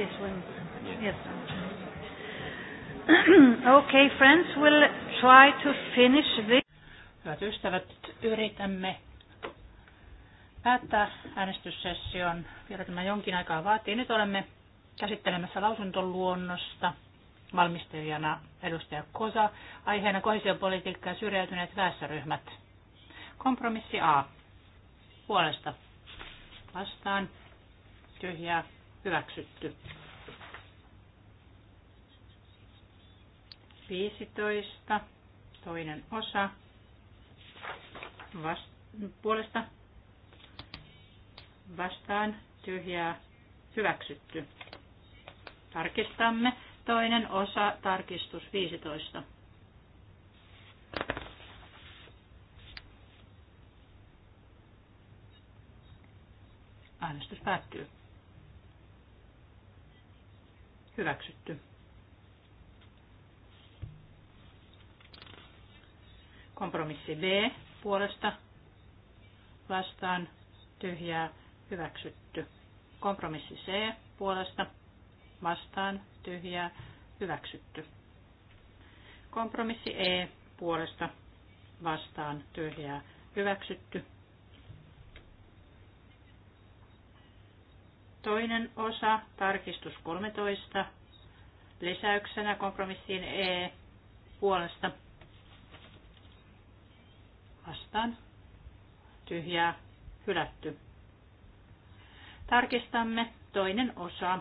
this when, yes. yes. okay, friends, we'll try to finish this. Hyvät ystävät, yritämme päättää äänestyssession. Vielä tämä jonkin aikaa vaatii. Nyt olemme käsittelemässä lausuntoluonnosta valmistelijana edustaja Kosa, aiheena kohesiopolitiikka ja syrjäytyneet väestöryhmät. Kompromissi A. Puolesta. Vastaan. Tyhjää. Hyväksytty. 15. Toinen osa. Vast, puolesta vastaan tyhjää hyväksytty. Tarkistamme. Toinen osa, tarkistus 15. Äänestys päättyy. Hyväksytty. Kompromissi B puolesta vastaan tyhjää hyväksytty. Kompromissi C puolesta vastaan tyhjää hyväksytty. Kompromissi E puolesta vastaan tyhjää hyväksytty. Toinen osa, tarkistus 13, lisäyksenä kompromissiin E puolesta. Vastaan. Tyhjää. Hylätty. Tarkistamme toinen osa.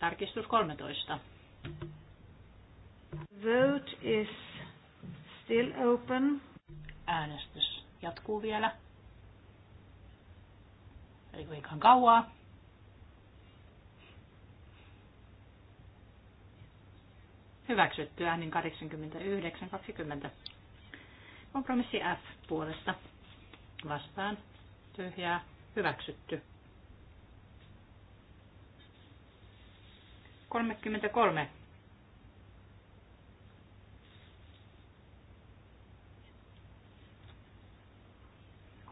Tarkistus 13. Vote is still open. Äänestys jatkuu vielä. Ei kuinka kauaa. Hyväksytty niin 89-20. Kompromissi F puolesta. Vastaan. Tyhjää. Hyväksytty. 33.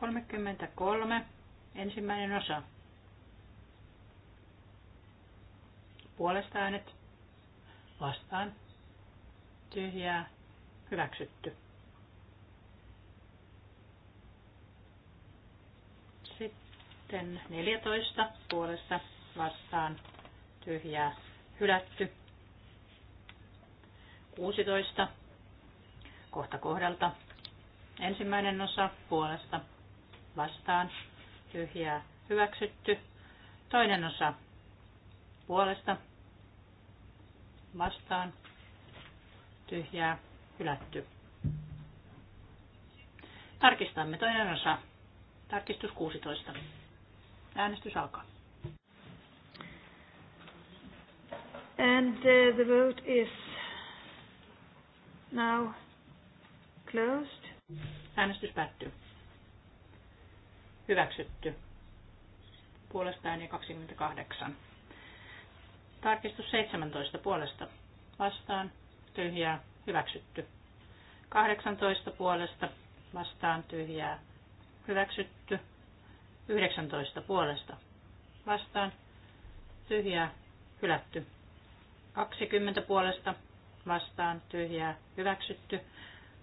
Kolmekymmentä kolme. Ensimmäinen osa. Puolesta äänet. Vastaan. Tyhjää. Hyväksytty. Sitten 14 puolesta vastaan tyhjää hylätty. 16 kohta kohdalta. Ensimmäinen osa puolesta vastaan tyhjää hyväksytty. Toinen osa puolesta vastaan tyhjää hylätty. Tarkistamme toinen osa. Tarkistus 16. Äänestys alkaa. And uh, the vote is now closed. Äänestys päättyy. Hyväksytty. Puolestaan ja 28. Tarkistus 17 puolesta. Vastaan. Tyhjää. Hyväksytty. 18 puolesta. Vastaan. Tyhjää. Hyväksytty. 19 puolesta. Vastaan. Tyhjää. Hylätty. 20 puolesta. Vastaan. Tyhjää. Hyväksytty.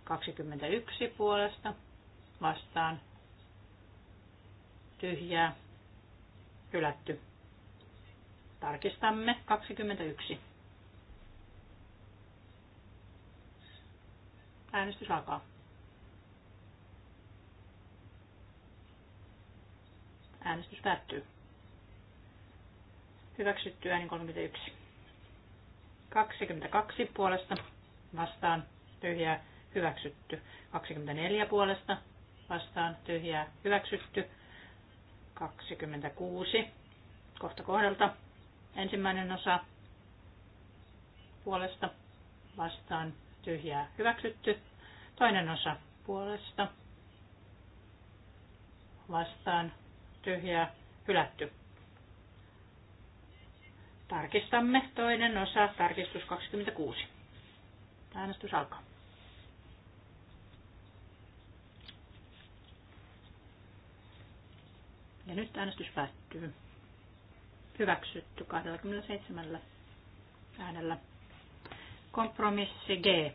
21 puolesta. Vastaan tyhjää, hylätty. Tarkistamme 21. Äänestys alkaa. Äänestys päättyy. Hyväksytty ääni 31. 22 puolesta vastaan tyhjää hyväksytty. 24 puolesta vastaan tyhjää hyväksytty. 26 kohta kohdalta. Ensimmäinen osa puolesta vastaan tyhjää hyväksytty. Toinen osa puolesta vastaan tyhjää hylätty. Tarkistamme toinen osa, tarkistus 26. Äänestys alkaa. Ja nyt äänestys päättyy. Hyväksytty 27 äänellä. Kompromissi G.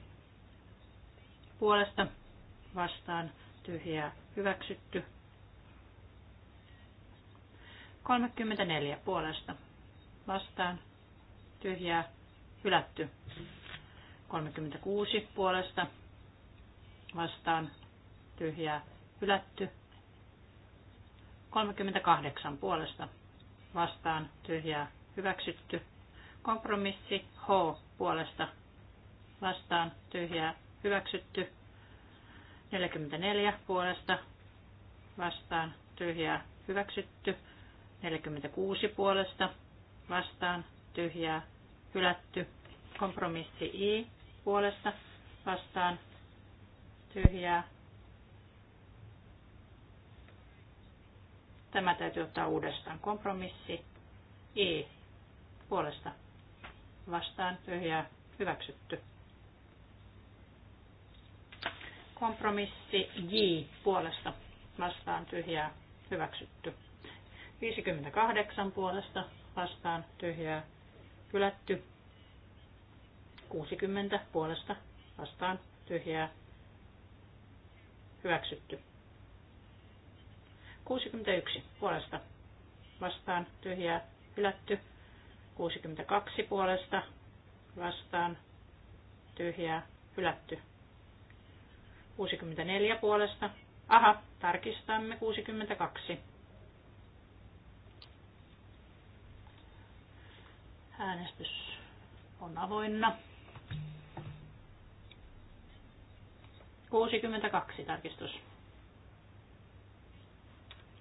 Puolesta vastaan tyhjää hyväksytty. 34 puolesta vastaan tyhjää hylätty. 36 puolesta vastaan tyhjää hylätty. 38 puolesta vastaan tyhjää hyväksytty. Kompromissi H puolesta vastaan tyhjää hyväksytty. 44 puolesta vastaan tyhjää hyväksytty. 46 puolesta vastaan tyhjää hylätty. Kompromissi I puolesta vastaan tyhjää Tämä täytyy ottaa uudestaan. Kompromissi E puolesta vastaan tyhjää hyväksytty. Kompromissi J puolesta vastaan tyhjää hyväksytty. 58 puolesta vastaan tyhjää hylätty. 60 puolesta vastaan tyhjää hyväksytty. 61 puolesta vastaan tyhjää hylätty. 62 puolesta vastaan tyhjää hylätty. 64 puolesta. Aha, tarkistamme 62. Äänestys on avoinna. 62 tarkistus.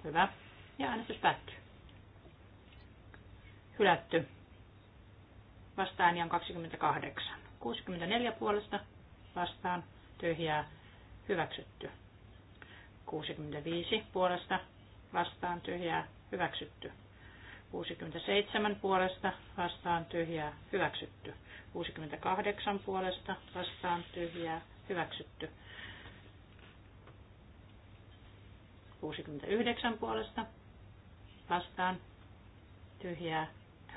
Hyvä. Ja äänestys päättyy. Hylätty. Vastaääni on 28. 64 puolesta vastaan tyhjää hyväksytty. 65 puolesta vastaan tyhjää hyväksytty. 67 puolesta vastaan tyhjää hyväksytty. 68 puolesta vastaan tyhjää hyväksytty. 69 puolesta vastaan tyhjää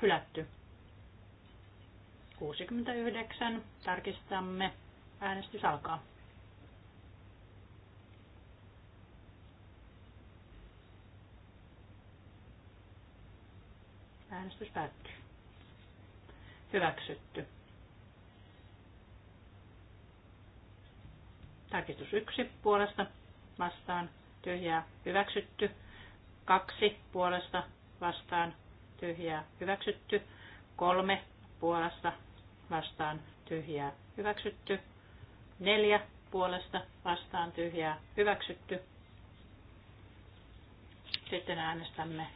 hylätty. 69 tarkistamme. Äänestys alkaa. Äänestys päättyy. Hyväksytty. Tarkistus 1 puolesta vastaan tyhjää hyväksytty. Kaksi puolesta vastaan tyhjää hyväksytty. Kolme puolesta vastaan tyhjää hyväksytty. Neljä puolesta vastaan tyhjää hyväksytty. Sitten äänestämme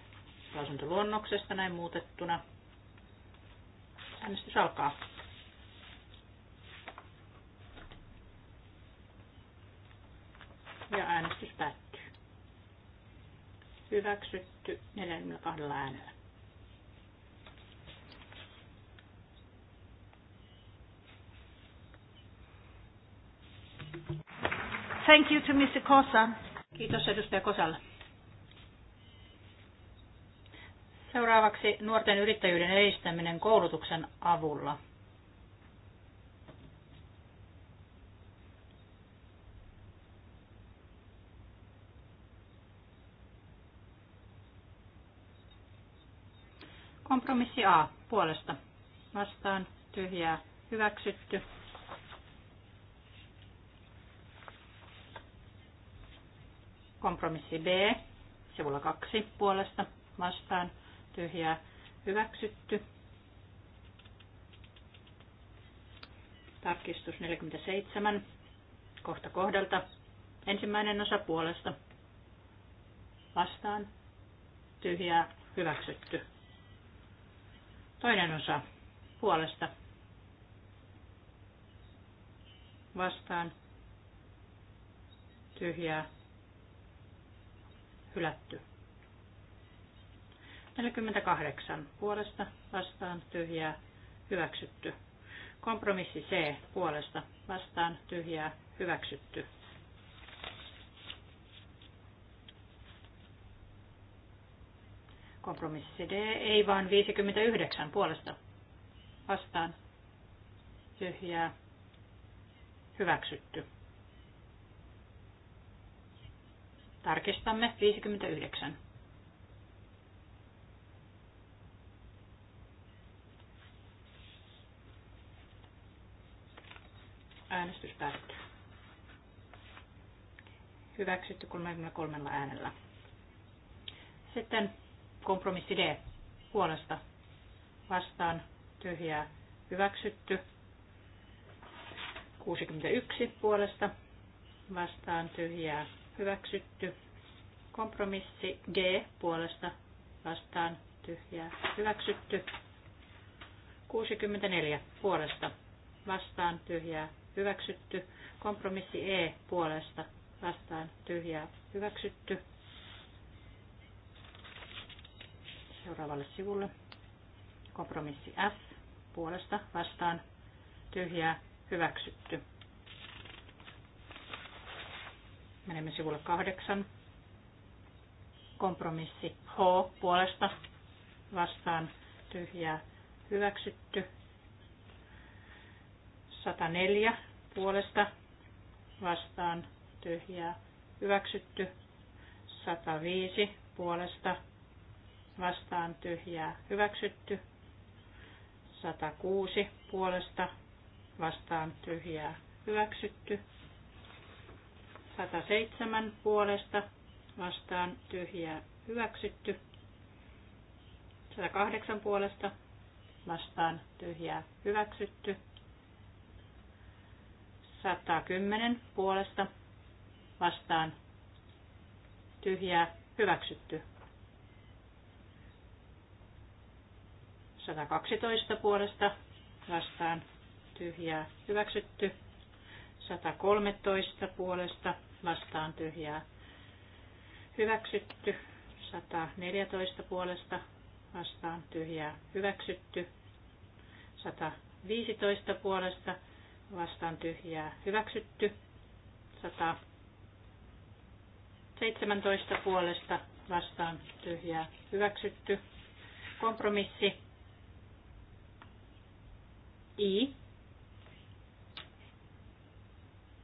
lausuntoluonnoksesta näin muutettuna. Äänestys alkaa. Ja äänestys päättyy hyväksytty 42 äänellä. Thank you to Mr. Kosa. Kiitos edustaja Kosalle. Seuraavaksi nuorten yrittäjyyden edistäminen koulutuksen avulla. Kompromissi A puolesta. Vastaan tyhjää hyväksytty. Kompromissi B sivulla 2 puolesta. Vastaan tyhjää hyväksytty. Tarkistus 47 kohta kohdalta. Ensimmäinen osa puolesta. Vastaan tyhjää hyväksytty Toinen osa puolesta vastaan tyhjää hylätty. 48 puolesta vastaan tyhjää hyväksytty. Kompromissi C puolesta vastaan tyhjää hyväksytty. Kompromissi D, ei vaan 59 puolesta. Vastaan. Tyhjää. Hyväksytty. Tarkistamme 59. Äänestys päättyy. Hyväksytty 33 äänellä. Sitten Kompromissi D puolesta vastaan tyhjää hyväksytty. 61 puolesta vastaan tyhjää hyväksytty. Kompromissi G puolesta vastaan tyhjää hyväksytty. 64 puolesta vastaan tyhjää hyväksytty. Kompromissi E puolesta vastaan tyhjää hyväksytty. seuraavalle sivulle. Kompromissi F puolesta vastaan tyhjää hyväksytty. Menemme sivulle kahdeksan. Kompromissi H puolesta vastaan tyhjää hyväksytty. 104 puolesta vastaan tyhjää hyväksytty. 105 puolesta vastaan tyhjää hyväksytty. 106 puolesta vastaan tyhjää hyväksytty. 107 puolesta vastaan tyhjää hyväksytty. 108 puolesta vastaan tyhjää hyväksytty. 110 puolesta vastaan tyhjää hyväksytty. 112 puolesta vastaan tyhjää hyväksytty. 113 puolesta vastaan tyhjää hyväksytty. 114 puolesta vastaan tyhjää hyväksytty. 115 puolesta vastaan tyhjää hyväksytty. 117 puolesta vastaan tyhjää hyväksytty. Kompromissi I.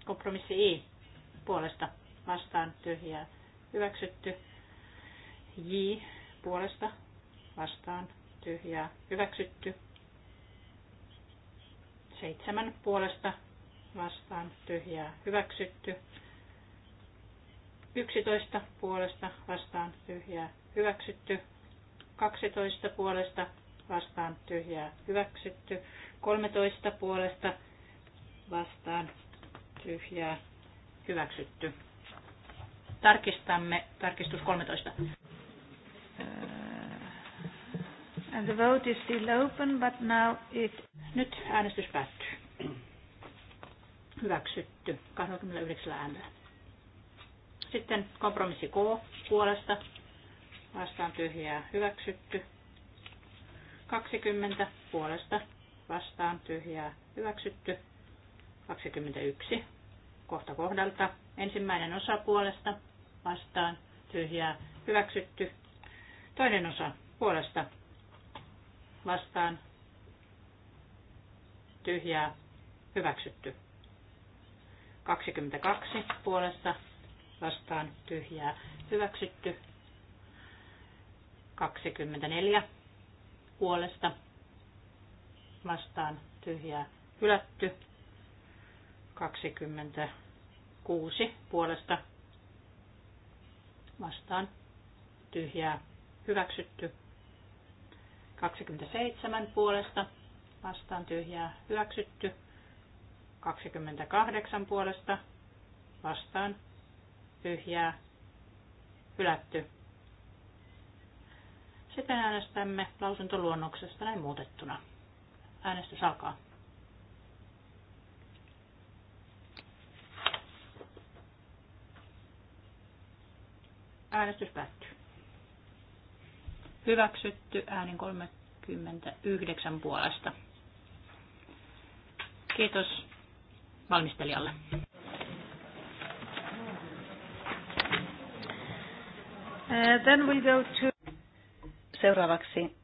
Kompromissi I puolesta vastaan tyhjää hyväksytty. J puolesta vastaan tyhjää hyväksytty. Seitsemän puolesta vastaan tyhjää hyväksytty. 11 puolesta vastaan tyhjää hyväksytty. 12 puolesta vastaan tyhjää hyväksytty. 13 puolesta vastaan tyhjää hyväksytty. Tarkistamme tarkistus 13. And the vote is still open, but now it... Nyt äänestys päättyy. Hyväksytty 29 äänellä. Sitten kompromissi K puolesta. Vastaan tyhjää hyväksytty. 20 puolesta vastaan tyhjää hyväksytty. 21 kohta kohdalta. Ensimmäinen osa puolesta vastaan tyhjää hyväksytty. Toinen osa puolesta vastaan tyhjää hyväksytty. 22 puolesta vastaan tyhjää hyväksytty. 24 puolesta vastaan tyhjää hylätty. 26 puolesta vastaan tyhjää hyväksytty. 27 puolesta vastaan tyhjää hyväksytty. 28 puolesta vastaan tyhjää hylätty. Sitten äänestämme lausuntoluonnoksesta näin muutettuna. Äänestys alkaa. Äänestys päättyy. Hyväksytty äänin 39 puolesta. Kiitos valmistelijalle. Uh, then we go to... Seuraavaksi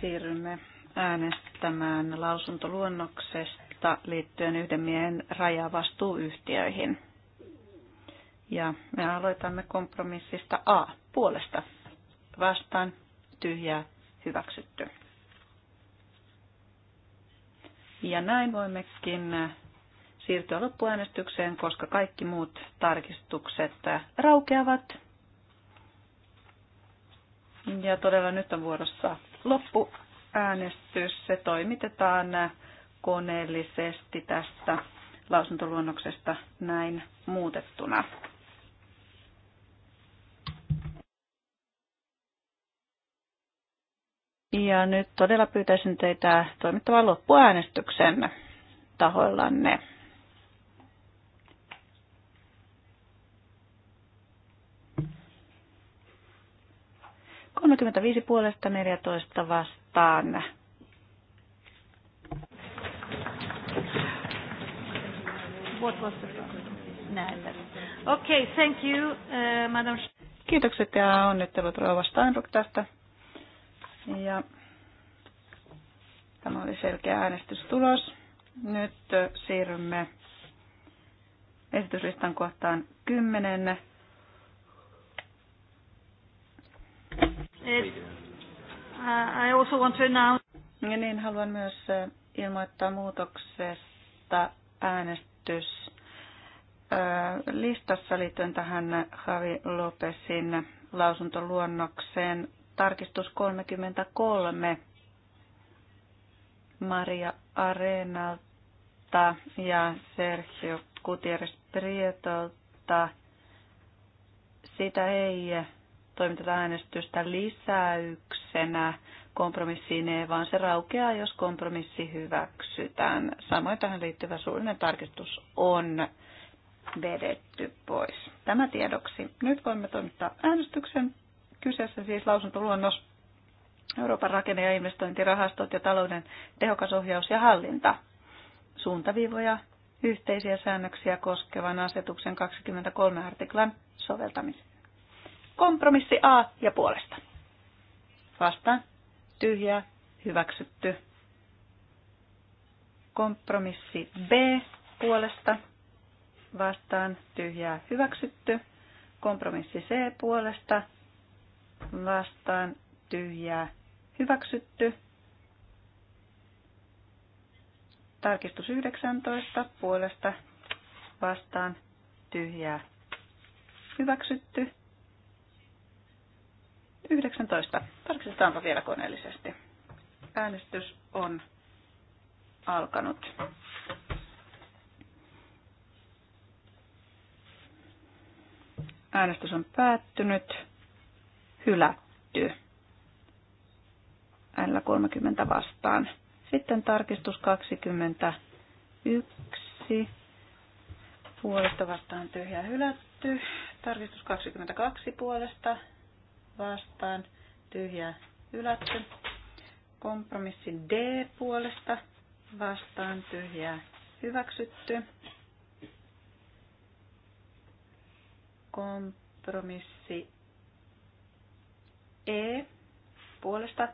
siirrymme äänestämään lausuntoluonnoksesta liittyen yhden miehen rajavastuuyhtiöihin. Ja me aloitamme kompromissista A puolesta. Vastaan tyhjää hyväksytty. Ja näin voimmekin siirtyä loppuäänestykseen, koska kaikki muut tarkistukset raukeavat. Ja todella nyt on vuorossa loppu äänestys. Se toimitetaan koneellisesti tästä lausuntoluonnoksesta näin muutettuna. Ja nyt todella pyytäisin teitä toimittamaan loppuäänestyksen tahoillanne. 35 puolesta 14 vastaan. What was the okay, thank you, uh, madam. Kiitokset ja onnittelut Rova Steinruck tästä. Ja tämä oli selkeä äänestystulos. Nyt siirrymme esityslistan kohtaan 10. Uh, I also want to announce... Ja niin, haluan myös uh, ilmoittaa muutoksesta äänestys uh, listassa liittyen tähän Javi Lopesin lausuntoluonnokseen. Tarkistus 33 Maria Areenalta ja Sergio Gutierrez Prietolta. Sitä ei toimiteta äänestystä lisäyksenä kompromissiin, ei, vaan se raukeaa, jos kompromissi hyväksytään. Samoin tähän liittyvä suullinen tarkistus on vedetty pois. Tämä tiedoksi. Nyt voimme toimittaa äänestyksen. Kyseessä siis lausuntoluonnos Euroopan rakenne- ja investointirahastot ja talouden tehokas ohjaus ja hallinta. Suuntaviivoja yhteisiä säännöksiä koskevan asetuksen 23 artiklan soveltamista. Kompromissi A ja puolesta. Vastaan. Tyhjää. Hyväksytty. Kompromissi B puolesta. Vastaan. Tyhjää. Hyväksytty. Kompromissi C puolesta. Vastaan. Tyhjää. Hyväksytty. Tarkistus 19 puolesta vastaan tyhjää hyväksytty. 19. Tarkistetaanpa vielä koneellisesti. Äänestys on alkanut. Äänestys on päättynyt. Hylätty. Äänellä 30 vastaan. Sitten tarkistus 21. Puolesta vastaan tyhjä hylätty. Tarkistus 22 puolesta vastaan tyhjää hylätty. Kompromissi D puolesta vastaan tyhjää hyväksytty. Kompromissi E puolesta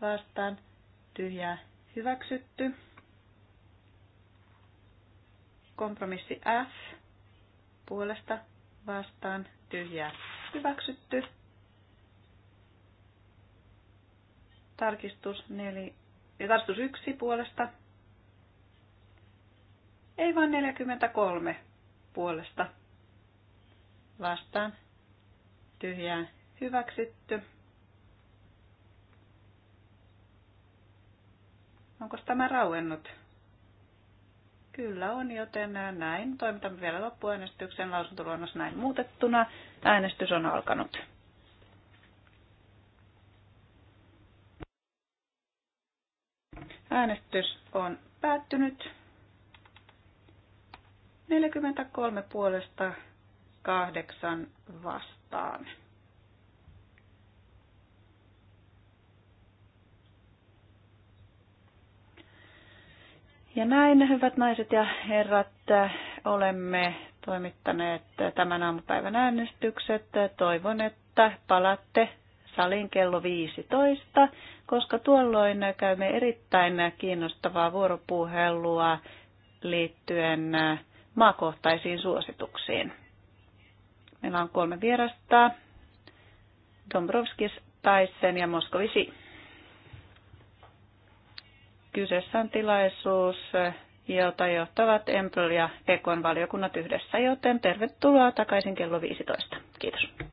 vastaan tyhjää hyväksytty. Kompromissi F puolesta vastaan tyhjää hyväksytty. Tarkistus 4, ja tarkistus 1 puolesta. Ei vaan 43 puolesta. Vastaan. Tyhjää. Hyväksytty. Onko tämä rauennut? Kyllä on, joten näin. Toimitamme vielä loppuäänestyksen lausuntoluonnos näin muutettuna. Äänestys on alkanut. Äänestys on päättynyt. 43 puolesta 8 vastaan. Ja näin, hyvät naiset ja herrat, olemme toimittaneet tämän aamupäivän äänestykset. Toivon, että palatte saliin kello 15, koska tuolloin käymme erittäin kiinnostavaa vuoropuhelua liittyen maakohtaisiin suosituksiin. Meillä on kolme vierasta, Dombrovskis, Taisen ja Moskovisi. Kyseessä on tilaisuus, jota johtavat Empel ja Ekon valiokunnat yhdessä, joten tervetuloa takaisin kello 15. Kiitos.